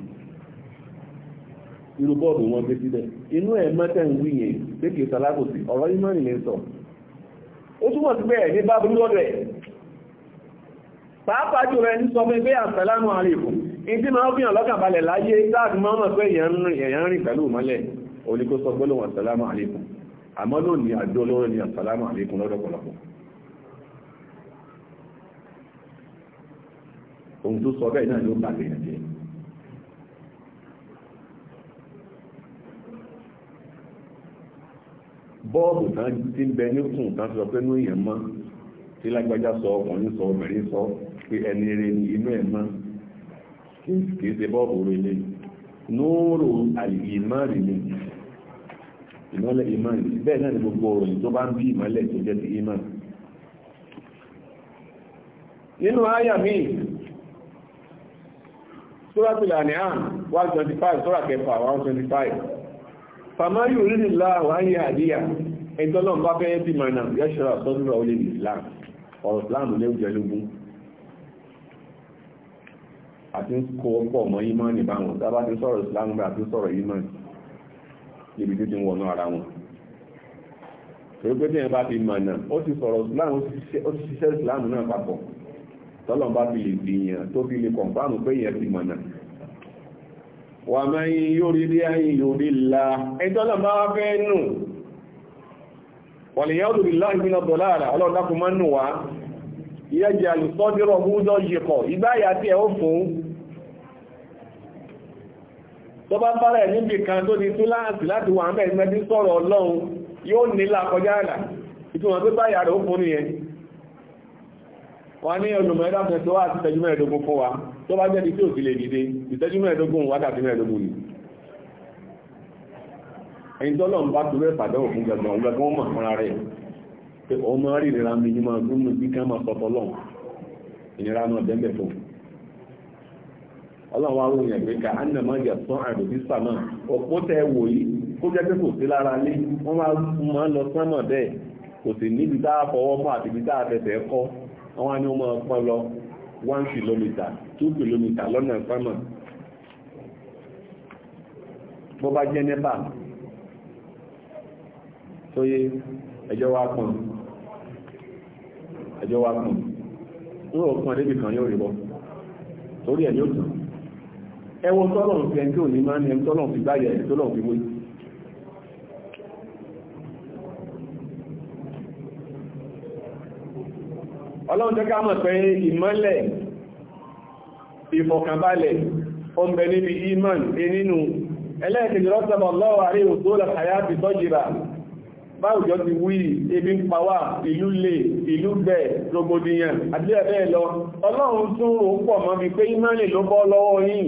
irú bọ́ọ̀bù wọn gbé síbẹ̀ inú ẹ̀ mọ́tẹ̀ ń wí yẹn pé kì í talábòsí ọ̀rọ̀ ìmọ̀ nìyẹn sọ ó túmọ̀ sí pé ẹ̀ ní bábú lọ́dọ̀ ẹ̀ pàápàá jù rẹ̀ ní sọ pé bí àṣàlámù àríkù ìdí máa ń fi lọ́kàn balẹ̀ láyé táàbí máa ń mọ̀ pé èèyàn ń rìn pẹ̀lú ìmọ́lẹ̀ oníkó sọ gbọ́lọ̀ àsàlámù àlékún àmọ́ lónìí àjọ olóró ni àsàlámù àlékún lọ́dọ̀ pọ̀lọpọ̀ ohun tó sọ bẹ́ẹ̀ náà ló bàbẹ̀ yẹn jẹ́ bọ́ọ̀bù tán ti ń bẹ níkùn tán sọ pé ní èèyàn mọ́ tí lágbájá sọ ọkùnrin sọ obìnrin sọ pé ẹni rẹ ni inú ẹ̀ mọ́ kìí ṣe bọ́ọ̀bù rẹ lé nóòrò àlìmọ́rì ni ìmọ́lẹ̀ ìmọ́lẹ̀ bẹ́ẹ̀ náà ni gbogbo òròyìn tó bá ń bí ìmọ́lẹ̀ tó jẹ́ ti ìmọ́lẹ̀ nínú àyà míì sóràtìlà ní àn 125 sórà kẹfà 125 fàmá yóò rí nílá wáyé àdíyà ẹgbọ́lọ́n bá fẹ́ bí mọ̀nà yẹ́ṣọ́rà sọ́dúnrà olè islam ọ̀rọ̀ islam lé jẹlógún àti ń kó ọ̀pọ̀ mọ́ ìmọ̀ nìbáwọn tábá ti sọ̀rọ̀ islam àti sọ̀rọ̀ ìmọ̀ nì níbi tó ti ń wọnú ara wọn torí pé bíyẹn bá fi mọ̀nà ó ti sọ̀rọ̀ islam ó ti ṣiṣẹ́ islam náà papọ̀ tọ́lọ̀ bá fi lè gbìyàn tó fi lè kọ̀ǹfàmù pé yẹn ti mọ̀nà wà máa ń yóri rí ayé yóri la ẹjọ́lọ̀ bá wá fẹ́ nù wọ̀lẹ̀yà olùrí láàrin ọ̀dọ̀lára ọlọ́dàkùnmọ́ nù wá ìyẹ́jẹ̀ àlùsọ́dírọ̀ húdọ́ yìkọ̀ ìgbáyà tí ẹ ó fún tó bá bára ẹ̀ níbi kan tó di túláàsì láti wà mẹ́ ìgbẹ́ tí sọ̀rọ̀ ọlọ́run yóò nílà kọjá àlà ìtumọ̀ pé báyà rẹ̀ ó fún nìyẹn wọ́n ní olùmọ̀ ẹ̀dá fẹ́ tó wà sí ìtẹ́jú mẹ́ẹ̀ẹ́dógún fún wa tó bá jẹ́ di tí ò sí lè dìde ìtẹ́jú mẹ́ẹ̀ẹ́dógún wákàtí mẹ́ẹ̀ẹ́dógún ni ẹni tó lọ́n bá torí ẹ̀pàdánwò fún gbẹ̀gbọ̀n ọgbẹ̀gbọ̀n ọmọ àmọ́ra rẹ̀ pé ọmọ rí ìrìnra mi ní máa gúnmù bí ká máa sọ́tọ̀ lọ́n ìnira náà bẹ́ẹ̀ fún un ọlọ́run àwọn èèyàn pé ká anna máa yà sán àrùn sàmà wò kó jẹ́ pé lára lé wọ́n máa lọ sánmà bẹ́ẹ̀ kò sì níbi tá a fọwọ́ mọ́ one kilometre two kilometre lọ́nà sánmà bó bá jẹ́ ẹjọ́ wa pọ̀n ẹjọ́ wa pọ̀n torí ẹ̀ ẹwọ tọ́lọ̀n fi ẹni tí ò ní máa ní ẹni tọ́lọ̀n fi báyẹ̀ ẹni tọ́lọ̀n fi wóyí ọlọ́run tẹ́ká mọ̀ pé ìmọ́lẹ̀ ìfọ̀kànbalẹ̀ ọmọbẹ̀ níbi iman nínú ẹlẹ́ẹ̀kejì rọ́sọ̀bọ̀ lọ́wọ́ ebi ń pawà ìlú lè ìlú bẹ̀ rògbòdìyàn àti ẹ̀bẹ́ lọ ọlọ́run tún òun pọ̀ mọ́ bí pé ìmọ́lẹ̀ ló bọ́ lọ́wọ́ yìí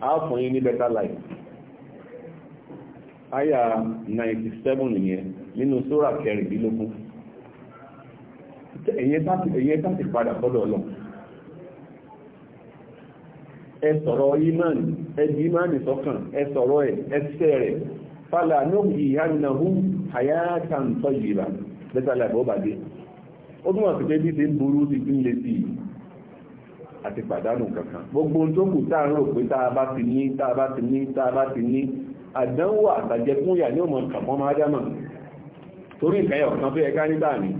a fún yín ní better life aya 97 nìyẹn nínú sóra kẹrìndínlógún ẹ̀yẹ tàbí padà sọ́dọ̀ lọ ẹ sọ̀rọ̀ imani ẹdí imani sọ́kàn ẹ sọ̀rọ̀ ẹ̀ ẹsẹ̀ rẹ̀ fàlà nóòkì ìhánìyànhú àyáàtàntọ́ yìí rà better life ó bàdé ó túnmọ̀ sí pé bí ti ń burú ti ń le sí i àti pàdánù kankan gbogbo tó kù tá à ń rò pé tá a bá ti ní tá a bá ti ní tá a bá ti ní àdánwò àtàjẹkúnyà ní òmò nǹkan mọ́ máa dámà torí nǹkan ẹ̀yọ̀ tó yẹ ká nígbà ní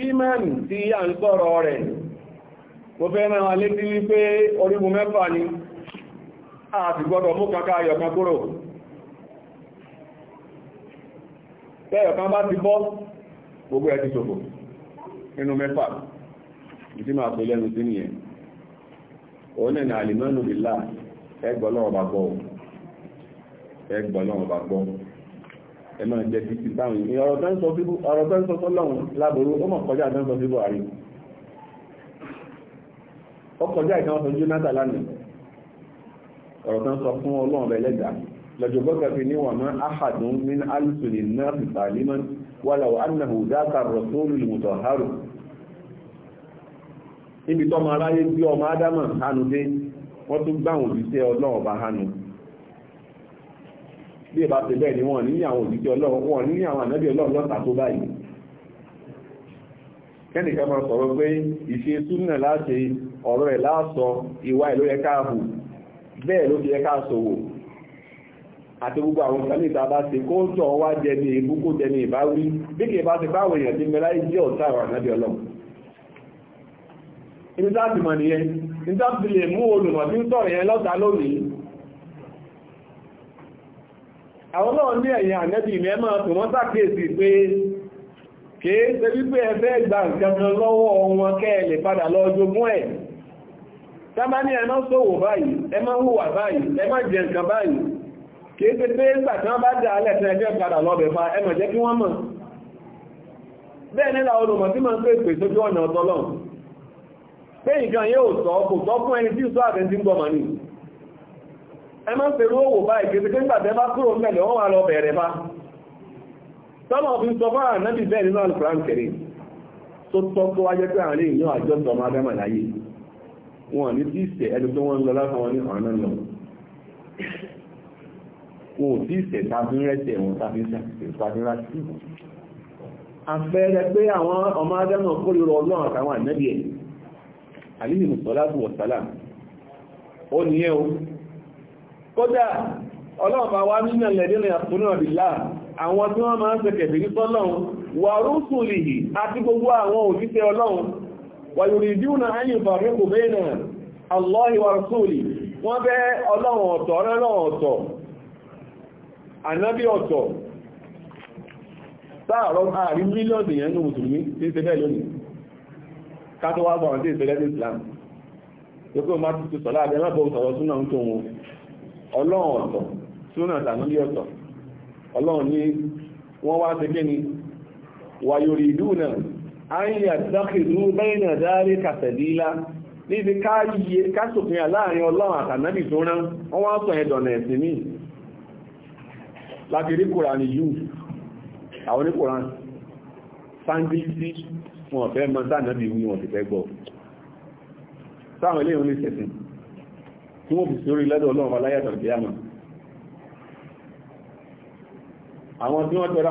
ìmánì tí a ń sọ̀rọ̀ rẹ̀ mo fẹ́ rán wọn létí wípé orígun mẹ́fà ni a ti gbọ́dọ̀ mú kanká ayọ̀kan kúrò tẹ́yọ̀kan bá ti bọ́ gbogbo ẹ̀ ti ṣòfò nínú mẹ́fà ìdí máa pè lẹ́nu sí nìyẹn òun ní àlìmọ́nù ìlà ẹgbọ́lọ́wọ́ bá gbọ́ ẹgbọ́lọ́wọ́ bá gbọ́ ọkọjá ìkan sọ Jonathan lánàá ọ̀rọ̀ kan sọ fún ọlọ́run rẹ̀ lẹ́gbàá lọ́jọ́gbọ́ kẹfì ní wà máa áhàdùn ní alùsùlì náà fi pàlímọ́ wàlà wà ánàhù dáta rọ̀sọ́lù lùmùtọ̀ harù níbi tó máa ráyé bí ọmọ ádámà hánu dé wọ́n tún gbáwọn òjíṣẹ́ ọlọ́run bá hánu bí ìbá ti bẹ́ẹ̀ ni wọ́n ní àwọn òjíṣẹ́ ọlọ́run wọ́n ní àwọn ànábì ọlọ́run lọ́ta tó báyìí kẹ́nìkan máa sọ̀rọ̀ pé ìṣe súnà láti ọ̀rọ̀ ẹ̀ láàsọ ìwà ìlú ẹ̀ká hù bẹ́ẹ̀ ló fi ẹ̀ká sòwò àti gbogbo àwọn ìsàlẹ̀ ìta bá ti kó tọ̀ wá jẹ ní ìbú kó jẹ ní ìbáwí bí kì bá ti báwọn èèyàn ti mẹ́lá ìjẹ́ ọ̀tá àwọn ànábì ọlọ́run ibi tá ti mọ̀ nìyẹn nígbà tí lè mú olùmọ̀ tí ń kìí ṣe wípé ẹ fẹ́ gba lọ́wọ́ wọn kẹ́ padà lọ ẹ̀ tábá ní ẹmọ́ sówò báyìí ẹmọ́ hùwà báyìí ẹmọ́ jẹ nǹkan báyìí kìí ṣe pé ń gbàtí wọ́n bá dà alẹ́ tí ẹjẹ́ padà lọ́bẹ̀ fa ẹmọ̀ jẹ́ kí wọ́n mọ̀ bẹ́ẹ̀ nílà olùmọ̀ tí ma ń pè pè sójú ọ̀nà ọ̀tọ́lọ̀ pé nǹkan yóò sọ kò sọ fún ẹni tí ìsọ àti ti ń gbọmọ̀ ni ẹ má ń pèrú òwò báyìí kìí ṣe pé gbàtẹ́ bá kúrò mẹ́lẹ̀ wọ́n wà lọ bẹ̀rẹ̀ fa tọ́lọ̀ fi sọ fún ànábì wọn ni tí ìsẹ̀ ẹni tó wọ́n ń lọ lásán wọn ní ọ̀nà lọ wọn ò tí ìsẹ̀ tàbí rẹ̀tẹ̀ wọn tàbí tàbí rántí àpẹẹrẹ pé àwọn ọmọ adámọ̀ kórìíra ọlọ́run àtàwọn ànẹ́bí ẹ̀ àlìyí mùsọ̀láàbù wọ̀sálà ó ní ẹ́ o kódà ọlọ́run bá wá nínú ẹ̀lẹ́dínlẹ̀ àtúnú àbìlá àwọn tí wọ́n máa ń ṣe kẹfìrí sọ́lọ́run wà rúùsùn lìyì àti gbogbo àwọn òjíṣẹ́ ọlọ́run wàyùrìdíùnà ayìn fàríkù bẹ́ẹ̀nà allahi wa wọ́n bẹ́ ọlọ́run ọ̀tọ̀ ọlọ́run ọ̀tọ̀ ànábí ọ̀tọ̀ sáàrọ̀ ààrí mílíọ̀nù yẹn ní mùsùlùmí tí ṣe bẹ́ẹ̀ lónìí àyà dákìlú bẹ́ẹ̀nà dárí kàtẹ̀lílá níbi káṣòfin àláàrin ọlọ́run àtànábì tó rán wọ́n wá sọ ẹ̀dọ̀nà ẹ̀sìn ní láti rí kòránì yìí àwọn oníkòrán sáńgbìsí wọn ọ̀fẹ́ mọ́ sáànábì wí wọn ti fẹ́ gbọ́ sáwọn ilé ìrìn ìṣẹ̀sìn tí wọ́n fi sórí lẹ́dọ̀ ọlọ́run aláyàtọ̀ ìgbéyàmọ̀ àwọn tí wọ́n tẹ̀ra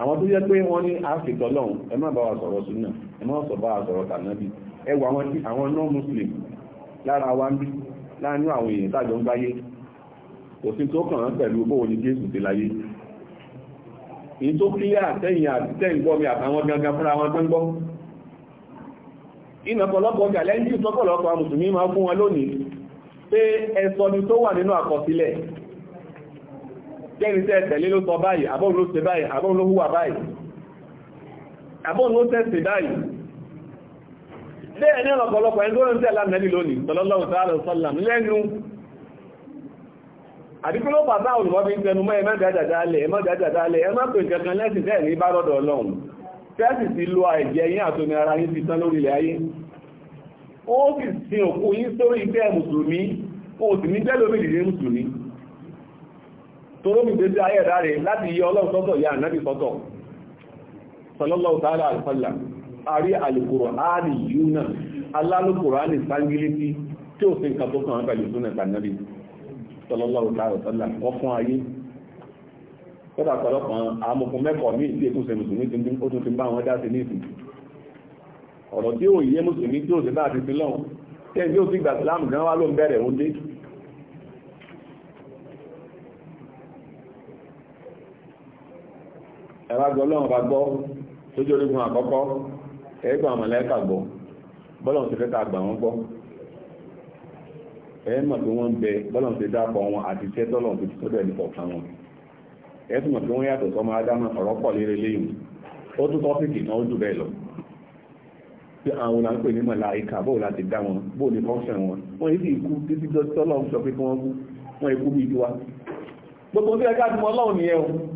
àwọn tó yẹ pé wọ́n ní áfíríkà lọ́hùn ẹ má bá wa sọ̀rọ̀ súnà ẹ má sọ bá wa sọ̀rọ̀ tànàbí ẹ wọ àwọn tí àwọn non muslim lára wa ń bí láàánú àwọn èèyàn tàjọ ń gbáyé òfin tó kàn án pẹ̀lú bó ní jésù ti láyé ní tó kílẹ̀ àtẹ̀yìn àtẹ̀yìnbọ́ mi àtàwọn gangan fúnra wọn tó ń gbọ́ iná pọ̀lọpọ̀ ọjà lẹ́yìn tí ìtọ́pọ̀lọpọ̀ mùsùlùmí máa fún wọn lónìí pé ẹ̀sọ́ ni tó wà nínú àkọsílẹ̀ jẹ́ni tẹ́ tẹ̀lé ló sọ báyìí àbọ́n ló ṣe báyìí àbọ́n ló hùwà báyìí àbọ́n ló tẹ́sì báyìí lẹ́ẹ̀ ní ọ̀pọ̀lọpọ̀ ẹni tó ń tẹ́lá nẹ́bí lónìí sallallahu alaihi wasallam lẹ́nu àdíkúlò bàbá olùkọ́ fi ń tẹnu mọ́ ẹmọ́ dáadáadáalẹ̀ ẹmọ́ dáadáadáalẹ̀ ẹmọ́ pè kankan lẹ́sìn tẹ́ ní bá rọ́dọ̀ ọlọ́run tẹ́sì ti lo àìjẹ́ yín àtomi ara yín ti tán lórí ilẹ̀ ayé ó sì sin òkú yín sórí ìfẹ́ mùsùlùmí ó sì ní jẹ́lómi ìdílé mùsùlùmí tóró mi gbé sí ayé ẹ̀dá rẹ̀ láti yí ọlọ́run sọ́tọ̀ ya ànábì sọ́tọ̀ sallallahu ta'ala alfalla àrí alìkùránì yúnà alálùkùránì sángílítí tí ó fi nǹkan tó kàn pẹ̀lú súnà ìtànábì sallallahu ta'ala alfalla kọ́ fún ayé kọ́tà pọ̀lọpọ̀ àmọ̀kùn mẹ́kọ̀ọ́ ní ìdí èkúnṣe mùsùlùmí ó tún ti bá wọn dá sí ní ìsìn ọ̀rọ̀ tí ó yé mùsùlùmí tí tàbá gbọ́ ọlọ́run bá gbọ́ lójú orígun àkọ́kọ́ ẹgbà mọ̀lẹ́kà gbọ́ bọ́lọ̀n ti fẹ́ta àgbà wọn gbọ́ ẹ mọ̀ pé wọ́n ń bẹ bọ́lọ̀n ti dápọ̀ wọn àti iṣẹ́ tọ́lọ̀n ti sọ́dọ̀ ẹni kọ̀ọ̀kan wọn ẹ tún mọ̀ pé wọ́n yàtọ̀ sọmọ adámọ̀ ọ̀rọ̀ pọ̀ lére léyìn ó tún tọ́fíìkì náà ó jù bẹ́ẹ̀ lọ pé àwọn là ń pè ní mọ̀láìkà bóò láti dá wọn bóò ní fọ́nṣẹ̀ wọn wọ́n yìí sì ikú títí tọ́lọ̀ sọ pé kí wọ́n kú wọ́n ikú bí tiwa gbogbo tí ẹ ká ti nìyẹn o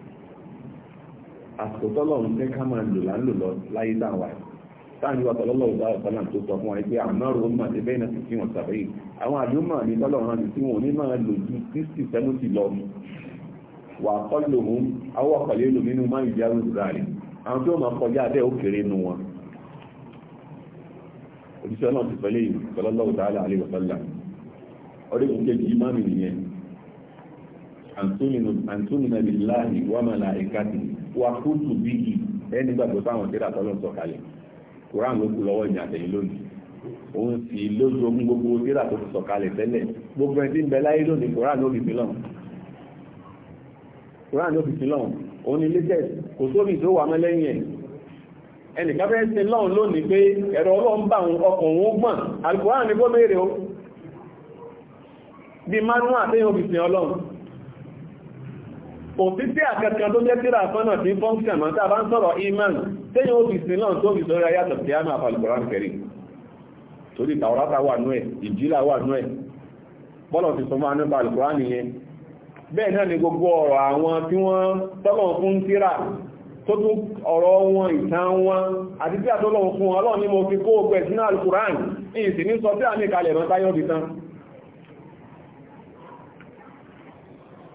àsìkò tọ́lọ̀ ń fẹ́ ká máa lò láńlò lọ láyé dáwà táàbí wa tọ́lọ́lọ́ ọ̀dà ọ̀sánà tó sọ fún wa pé àmọ́rò ó mà ti bẹ́ẹ̀ náà ti fi wọn sàbẹ̀ yìí àwọn àdúmọ̀ ní tọ́lọ̀ hàn ní tí wọn ní máa lò ju sixty seventy lọ wà kọ́lù òun awọ́ kọ̀lé lò nínú máa ìjà rúdúrà rẹ̀ àwọn tí ó máa kọjá abẹ́ òkèrè nu wọn. òṣìṣẹ́ náà ti fẹ́lẹ́ yìí tọ́lọ́lọ́ ọ̀dà wà kútù bíyì ẹni gbàgbọ́ fáwọn tíra tọ́lọ́ sọ̀kalẹ̀ koran ló kú lọ́wọ́ ìyìn àtẹ̀yìn lónìí òun sì lójú ogun gbogbo tíra tó ti sọ̀kalẹ̀ tẹ́lẹ̀ gbogbo ẹni tí ń bẹ láyé lónìí koran ló fi sílọ̀ koran ló fi sílọ̀ òun ni latest kò sóbì tó wà mọ́lẹ́yìn ẹ̀ ẹnìkan fẹ́ sin lọ́run lónìí pé ẹ̀rọ ọlọ́run bá òun kò sí sí àkẹ́kẹ́ tó jẹ́ tíra fọ́nà tí fọ́nkṣẹ̀ mọ́ tàbá ń sọ̀rọ̀ iman tẹ́yìn ó fi sí náà tó fi sọ́rọ̀ ayátọ̀ tí a máa fa Al-Qur'an Karim torí tàwọ́rátà wà nú ẹ̀ ìjìlá wà nú ẹ̀ bọ́lọ̀ ti sọ máa nípa Al-Qur'an nìyẹn bẹ́ẹ̀ náà ni gbogbo ọ̀rọ̀ àwọn tí wọ́n tọ́lọ̀ fún tíra tó tún ọ̀rọ̀ wọn ìtàn wọn àti tí àtọ́lọ̀ fún ọlọ́ ni mo fi kó ogun ẹ̀sìn náà Al-Qur'an ní ìsìn ní sọ tí a ní kalẹ̀ mọ́ táyọ́ ti tán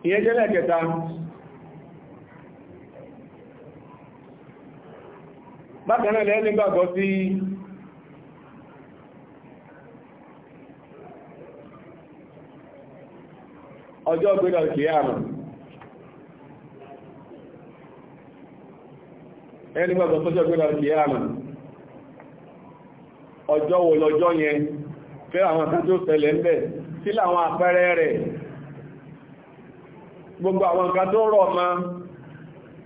ìyẹn jẹ́ lẹ́ẹ̀kẹta bákanáà lẹ́yìn nígbàgbọ́ sí ọjọ́ gbẹ́dọ̀ kìí àmà ẹni gbàgbọ́ sọ́jọ́ gbẹ́dọ̀ kìí àmà ọjọ́ wo lọ́jọ́ yẹn fẹ́ àwọn kan tó ṣẹlẹ̀ ń bẹ̀ sí àwọn àpẹẹrẹ rẹ̀ gbogbo àwọn kan tó rọ̀ máa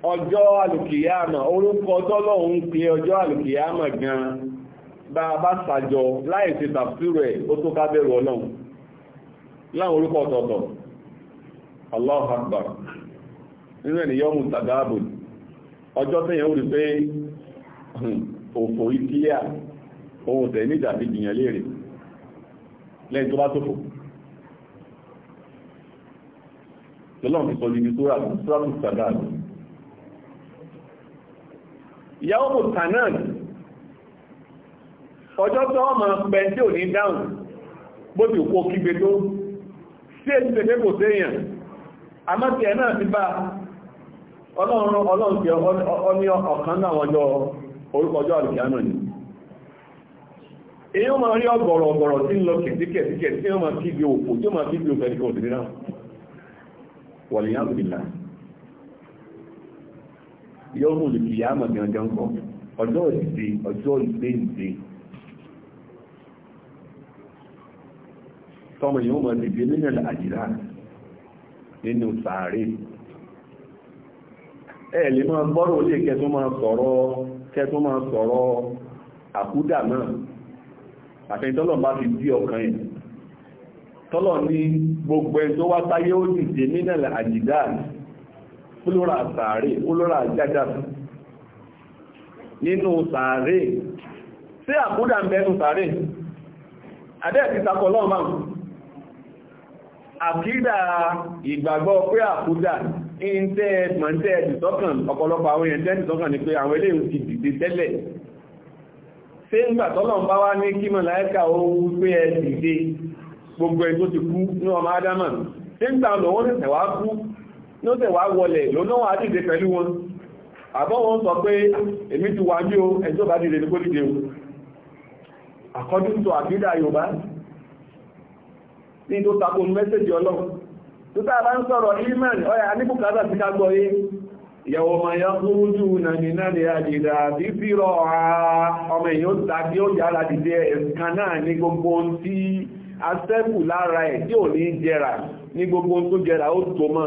ọjọ́ alùkìyàmà orúkọ ọjọ́ alùkìyàmà gan bá bá sàjọ láì ṣe tàbsírò ó tó ká bẹ̀rù ọlọ́run láwọn orúkọ ọ̀tọ̀ọ̀tọ̀ Allahu nínú ènìyàn mú tàdáàbò ọjọ́ ó rí pé òfò ìkíyà ohun tẹ̀ ní ìjà lọ́lọ́run ti sọ ibi tó rà ìyàwó mù tanan ọjọ́ tó ọmọ pẹ tí ò ní dáhùn bó ti kó kígbe tó sí èsì tẹ̀fẹ́ kò séèyàn ẹ̀ náà ti bá ọlọ́run ọlọ́run ti ọní ọ̀kan náà ọjọ́ orúkọjọ́ àlùkìánà ni èyí ma rí ọgọ̀rọ̀ tí ń lọ kẹ̀síkẹ̀síkẹ̀ tí yóò mú lè yá mọ̀ ní ọjọ́ ńkọ ọjọ́ ìdè ọjọ́ ìdè ìdè tọmọ yóò mọ̀ dìde nínú àjìrá nínú sàárè ẹ lè máa gbọ́rọ̀ olè kẹtún máa sọ̀rọ̀ kẹtún máa sọ̀rọ̀ àkúdà náà àfihàn tọ́lọ̀ bá fi bí ọkàn yìí tọ́lọ̀ ní gbogbo ẹ̀ tó wá sáyé ó dìde nínú àjìrá kúlóra sàárè kúlóra jájá nínú sàárè sí àkúdà ń bẹ́nu sàárè adẹ́ ti takọ̀ lọ́mà àkídà ìgbàgbọ́ pé àkúdà in tẹ́ mọ̀ntẹ́ ìtọ́kàn ọ̀pọ̀lọpọ̀ àwọn èèyàn tẹ́ ìtọ́kàn ni pé àwọn eléyìn ti dìde tẹ́lẹ̀ ṣé ń gbà tọ́lọ̀ ń bá wá ní kí mọ̀ láìka ohun pé ẹ dìde gbogbo ẹ̀ tó ti kú ní ọmọ ádámà ṣé ń gbà lọ́wọ́ tẹ̀sẹ̀ wá kú ló tẹ̀ wá wọlẹ̀ lónà wà dìde pẹ̀lú wọn àbọ̀ wọn sọ pé èmi ti wà ní o ẹjọ́ bá dìde ní kó dìde o according to àbídà Yorùbá ní tó tako mẹ́sẹ̀jì Ọlọ́run tó tá a bá ń sọ̀rọ̀ iman ọ̀yà níbùkátà sí ká gbọ́ yé ìyàwó ọmọ ya kúrújú nàìjíríà ní àdìdà àti fírọ̀ ọmọ èèyàn tàbí ó yára dìde ẹ̀sùn náà ní gbogbo tí a sẹ́kù lára ẹ̀ tí ò ní jẹrà ní gbogbo tó jẹrà ó tó mọ́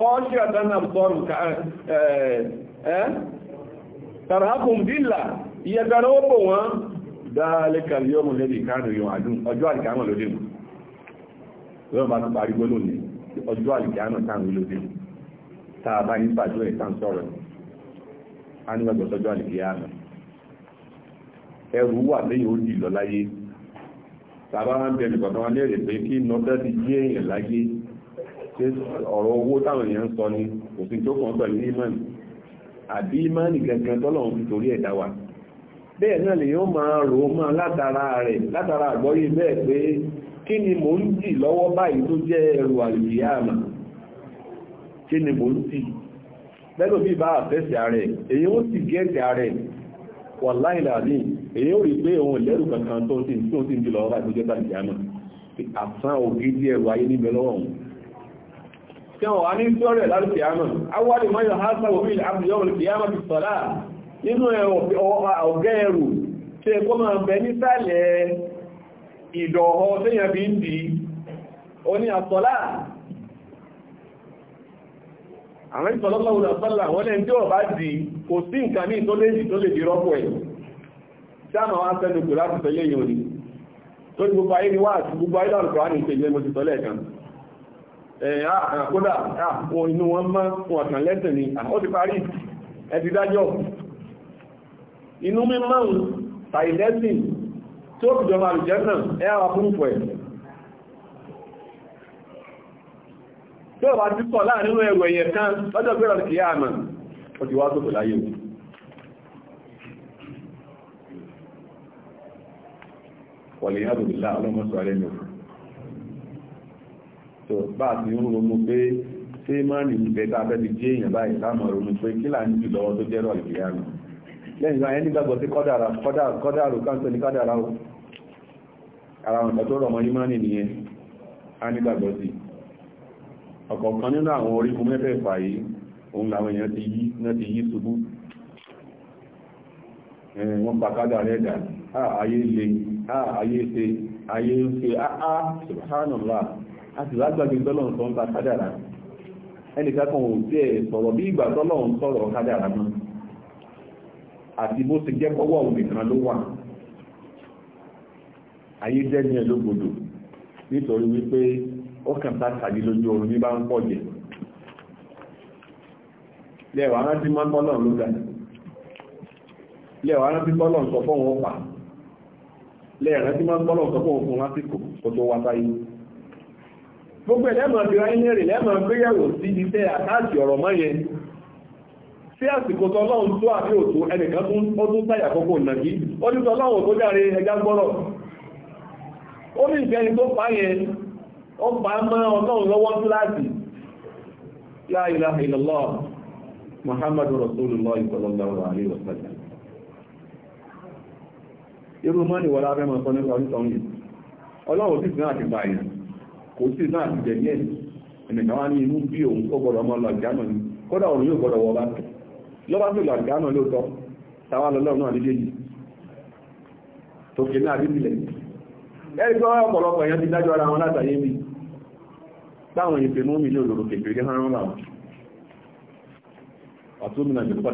خاشعة أبصارهم ترهقهم ذلة يدروبوا ذلك اليوم الذي كانوا يوعدون ọjọ́ àlìkàmọ̀ lóde mú wọ́n bá tún parí gbóló ní ọjọ́ àlìkàmọ̀ táwọn a ní ọjọ́ sọ́jọ́ àlìkàmọ̀ ẹrù wà lẹ́yìn ó dì lọ láyé tàbá wọn bẹ̀rẹ̀ kọ̀ọ̀kan wọn lérè pé kí nọ́tẹ́ ti láyé pé ọ̀rọ̀ owó táwọn èèyàn ń sọ ni kò sí tó kàn pẹ̀lú imani àbí imani gangan tọ́lọ́run fi torí ẹ̀dá wa bẹ́ẹ̀ náà lè yóò máa rò ó máa látara rẹ̀ látara àgbọ́yé bẹ́ẹ̀ pé kí ni mò ń dì lọ́wọ́ báyìí tó jẹ́ ẹrù àlùyáàmà kí ni mò ń dì lẹ́nu bí bá àfẹ́sẹ̀ ààrẹ èyí ó sì gẹ́ẹ̀sẹ̀ ààrẹ wà láìláàdì èyí ó rí pé òun ìlẹ́rù kankan tó ti ń dì lọ́wọ́ báyìí tó jẹ́ báyìí àmà àfán ògidì ẹrù ayé níbẹ̀ lọ́wọ́ òun kẹwọ̀n wá ní tí ó rẹ̀ lálùkì àmà awọ́dì mọ́yọ̀ hásà omi àbúyọ̀wọ̀n kì á máa fi sọ̀rá nínú ọ̀gẹ́ ẹrù tí ẹkọ́ máa bẹ nísàlẹ̀ ìdọ̀họ́ tẹ́yàn bí ń dì ó ní àsọ̀lá àwọn ìsọ̀lọ́lọ́wọ́ àsọ́lá wọ́n lẹ́n tí ó bá dì kò sí nǹkan ní tó léjì tó Eh, ah, eh, kódà ah, inú wọn mọ́ wọn kàn lẹ́sìn ni ah, ó ti parí ẹ ti dájọ́ inú mímọ́ tàìlẹ́sìn tó jọba àrùjẹ́ náà ẹ àwọn afúnfọ̀ ẹ̀ tó bá ti pọ̀ láàrin ẹ̀rọ ẹ̀yẹ̀ kan lọ́jọ́ pẹ́rọ kìí àmà ó ti wá tó pẹ̀lá yìí wọ̀lẹ̀ yàbùdìlá ọlọ́mọ́sọ̀ alẹ́mìí tó bá ti ń ronú pé ṣé máa nì ìbẹ̀ tá a fẹ́ fi jẹ́ èèyàn báyìí láàmú ronú pé kí là ń jù lọ́wọ́ tó jẹ́rọ ìgbéyà nù lẹ́yìn ìgbà sí kọ́dàrà kọ́dàrà káńtọ́ ní kọ́dàrà o ara tó rọ̀ mọ́ máa nìyẹn á sí ọ̀kọ̀ọ̀kan nínú àwọn orígun mẹ́fẹ̀ẹ̀fà yìí òun làwọn èèyàn ti yí náà ti yí ṣubú a sì wá gbàgbé tọ́lọ́run sọ ń pa kádàrà ẹnìkan kan ò tiẹ̀ sọ̀rọ̀ bí ìgbà tọ́lọ́run sọ̀rọ̀ kádàrà mọ́ àti bó ti jẹ́ kọ́wọ́ òun nìkan ló wà ayé jẹ́ ní ẹlógbòdò nítorí wípé ó kàn bá tàbí lójú oorun ní bá ń pọ̀ jẹ lẹ́wọ̀ arántí máa ń tọ́lọ̀ ló dá lẹ́wọ̀ arántí tọ́lọ̀ sọ fún wọn pa lẹ́ẹ̀rántí máa ń tọ́lọ̀ sọ fún lásìkò kó tó wá sáyé gbogbo ẹ̀lẹ́mọ̀ bí wáyé lẹ́rìn lẹ́mọ̀ gbéyàwó sí iṣẹ́ àkáàtì ọ̀rọ̀ mọ́ sí àsìkò tọ́lọ́run tó àbí òtó ẹnìkan tún ọdún táyà kókò nàgí ó ní tọ́lọ́run tó járe ẹja gbọ́rọ̀ ó ní ìfẹ́ni tó pa yẹn ó pa mọ́ ọlọ́run lọ́wọ́ muhammadu rasulullah irú mọ́ni wọ́n lábẹ́ mọ́ sọ nípa kò sí náà ti jẹ̀ yẹn ẹnìkan wá ní inú bí òun ọmọ lọ ni kódà òun yóò gbọ́dọ̀ wọ bá tẹ̀ lọ́ba tó lọ lóòótọ́ táwa lọ́lọ́run náà níjẹ́ náà ti dájọ́ ara wọn látàyé mi táwọn mú mi ní kékeré rán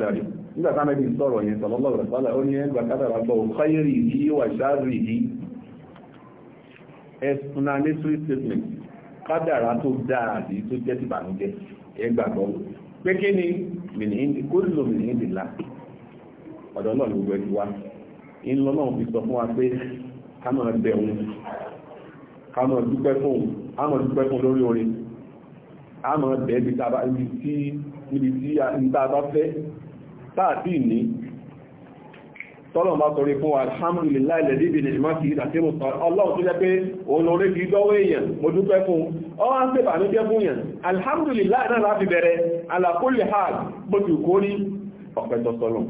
rí nígbà táwọn ẹbí sọ̀rọ̀ yẹn ó ní gbọ́ yìí wà yìí explanatory statement kádàrá tó dáa àbí tó jẹ́ tìbànújẹ́ ẹgbàgbọ́ pé kí ni kólùlò mìnìyàn ọ̀dọ̀ náà ló gbẹ̀dù wa ìlọ náà fi sọ fún wa pé ká máa bẹ̀ òun ká máa dúpẹ́ fún òun á máa dúpẹ́ fún lórí orin á máa bẹ̀ níbi tí níbi a níta bá fẹ́ táà tí ní tọ́lọ̀n bá sọ̀rọ̀ fún wa alhamdulillah ilẹ̀dí ibi nìjìmá sí ìdàtí mú sọ ọlọ́run tó jẹ́ pé òun orí fi dọ́wọ́ èèyàn mo dúpẹ́ fún ọ wá ń pè bàánú jẹ́ fún yàn alhamdulillah náà láti bẹ̀rẹ̀ ala kulli hal gbójú kó ní ọ̀pẹ́ tó sọ́lọ̀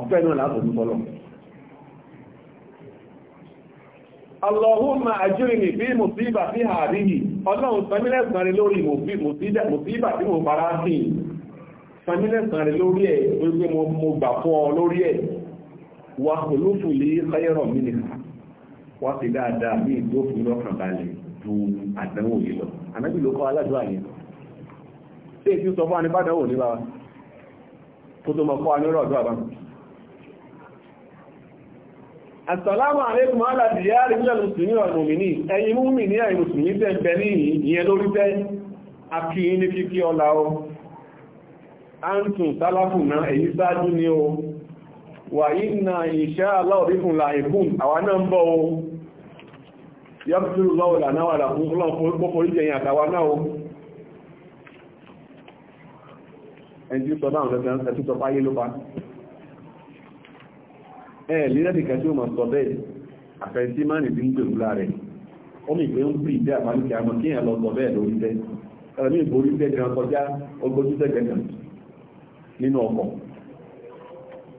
ọ̀pẹ́ náà látòkú sọ́lọ̀ Allahumma ajirni fi musiba fi hadihi ọlọ́run sọmílẹ̀sàn rẹ wà kòlófò lè káyọ̀rọ̀ mi nìkan wá fi dáadáa mí ìdófò lọ́kàn balẹ̀ ju àdánwò yìí lọ ànábì ló kọ́ aládùúrà yẹn tí èsì sọ fún anibádánwò ní báwa kó tó mọ kọ́ anúrọ̀ ọ̀dọ́ àbámu Àsàlámà àrékùnmọ́ aládìyà àrígbìlẹ̀ Mùsùlùmí ọ̀rọ̀mìnì, ẹ̀yin ní ìyẹn lórí wà iná ìṣẹ́ aláwọ̀bíkùn láìkún àwa náà ń bọ́ ohun yọ́pùtúrù lọ́wọ́lá náà wà fún ọlọ́pọ̀lọpọ̀lọpọ̀lọpọ̀lọpọ̀ àtàwà náà o ẹni tí ó sọ náà lọ́gbẹ̀ẹ́ ẹ̀tún sọ fáyé ló pa ẹ̀ lérẹ́dìkà tí ó mọ̀ sọ bẹ́ẹ̀ àfẹ́sí máa nìdí ń gbèrú láàrẹ̀ ó mì pé ń pì bí àpálùkẹ́ àmọ́ kí èèyàn lọ sọ bẹ́ẹ̀ lórí tẹ́ ẹ̀rọ ní ìborí tẹ́ gan kọjá ogójú tẹ́ gẹ̀gẹ̀ nínú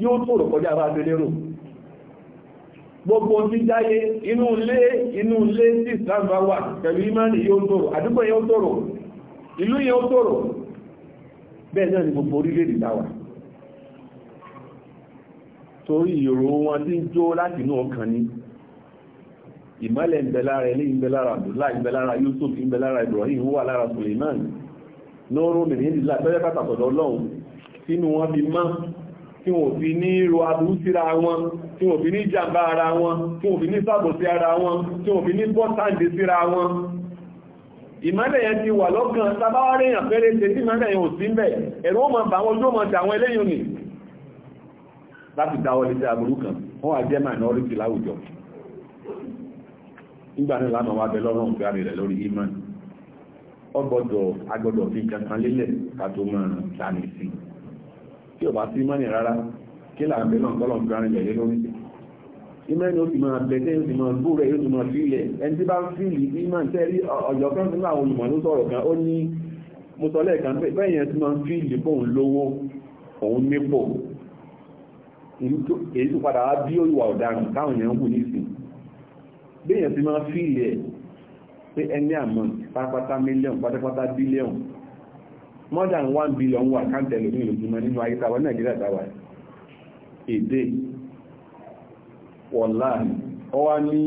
yóò tòrò kọjá bá fi lérò gbogbo tí jáyé inú ilé inú ilé tí islam bá wà pẹ̀lú imani yóò tòrò àdúgbò yóò tòrò ìlú yóò tòrò bẹ́ẹ̀ náà ni gbogbo orílẹ̀-èdè dáwà torí ìrò wọn tí ń jó láti inú ọkàn ni ìmọ́lẹ̀ ń lára ilé ń bẹ lára Abdullahi ń lára Yusuf ń lára Ibrahim wà lára Suleiman lóró mìíràn ìdílá tọ́jọ́ pàtàkì Ọlọ́run sínú wọn fi mọ́ tí wọ́n fi ní ro aburú síra wọn tí wọ́n fi ní jàmbá ara wọn tí wọ́n fi ní sàbòsí ara wọn tí wọ́n fi ní bọ́tàǹdé síra wọn ìmọ́lẹ̀ yẹn ti wà lọ́kàn sábáwárẹ̀ èèyàn fẹ́rẹ́ ṣe ìmọ́lẹ̀ yẹn ò sí mẹ́ ẹ̀rọ ọmọ bà wọn yóò mọ̀ sí àwọn eléyìn nì láti dáwọ́ lè jẹ́ aburú kan wọ́n wà jẹ́ minority láwùjọ nígbà náà lánàá wà bẹ lọ́rùn ìgbà rẹ̀ lórí iman ọgbọ́dọ̀ agbọ́dọ̀ fi kankan lélẹ̀ ká tó mọ̀ tani sí i tí ò bá sí mọ́nì rárá kí là ń bẹ náà tọ́lọ̀ ń gbá rìn lẹ̀lẹ́ lórí ìmẹ́ni ó sì máa bẹ̀tẹ́ yóò sì máa bú rẹ̀ yóò sì máa fi ilẹ̀ ẹni tí bá ń fi ìlú bí máa ń tẹ́rí ọ̀jọ̀ kan nínú àwọn olùmọ̀ ló sọ̀rọ̀ kan ó ní mo sọ lẹ́ẹ̀kan pé bẹ́ẹ̀ yẹn ti máa ń fi ìlú bóun lówó òun nípò èyí tó padà wá bí ó ìwà ọ̀daràn táwọn èèyàn ń wù nísìn bẹ́ẹ̀ ti máa fi ilẹ̀ pé ẹni àmọ́ pátápátá mílíọ̀n pátápátá bílíọ̀n more than one billion wà káńtẹ̀ lómi ìlúgbìmọ̀ nínú ayé tàwa nàìjíríà tàwa èdè wọ̀lá ọ wá ní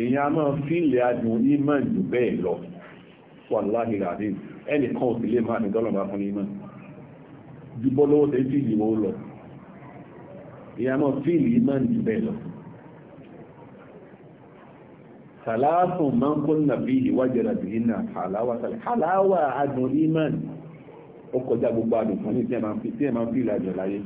èyàn a máa fílẹ̀ adùn ìmọ̀ jù bẹ́ẹ̀ lọ wọ̀lá ìràdí ẹnìkan ò sì lè máa ní dọ́lọ̀ bá fún ìmọ̀ ju bọ́lọ́wọ́ tẹ́ fílì ó lọ èyàn máa fílì ìmọ̀ jù bẹ́ẹ̀ lọ sàlásùn máa ń kó nàbí ìwájẹ́ra bìí ìmọ̀ ó kọjá gbogbo àdùnfún ní tí ẹ máa ń fi ìlàjọ láyé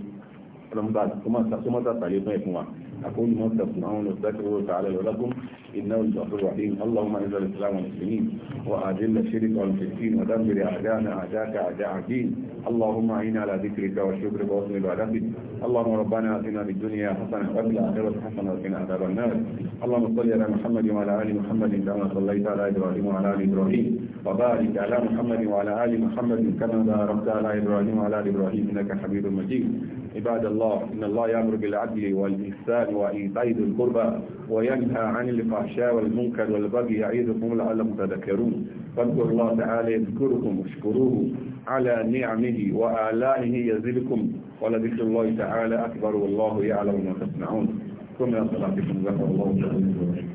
ọlọ́mọdé àti kọ́mọ́tà sàlẹ̀ fún ẹ̀fún wa. أقول ما تسمعون واستكبروا تعالى لكم إنه الغفور الرحيم اللهم إذا الإسلام والمسلمين وأذل الشرك والمشركين ودمر أعداءنا أعداءك أعداء الدين اللهم أعنا على ذكرك وشكرك وحسن عبادتك اللهم ربنا آتنا في الدنيا حسنة وفي الآخرة حسنة وقنا عذاب النار اللهم صل على محمد وعلى آل محمد كما صليت على إبراهيم وعلى آل إبراهيم وبارك على محمد وعلى آل محمد كما باركت على إبراهيم وعلى آل إبراهيم إنك حميد مجيد عباد الله إن الله يأمر بالعدل والإحسان وإيتاء القربة وينهى عن الفحشاء والمنكر والبغي يعيدكم لعلم تذكرون فاذكروا الله تعالى يذكركم واشكروه على نعمه وآلائه يزلكم ولذكر الله تعالى أكبر والله يعلم ما تصنعون ثم صلاتكم ذكر الله تعالى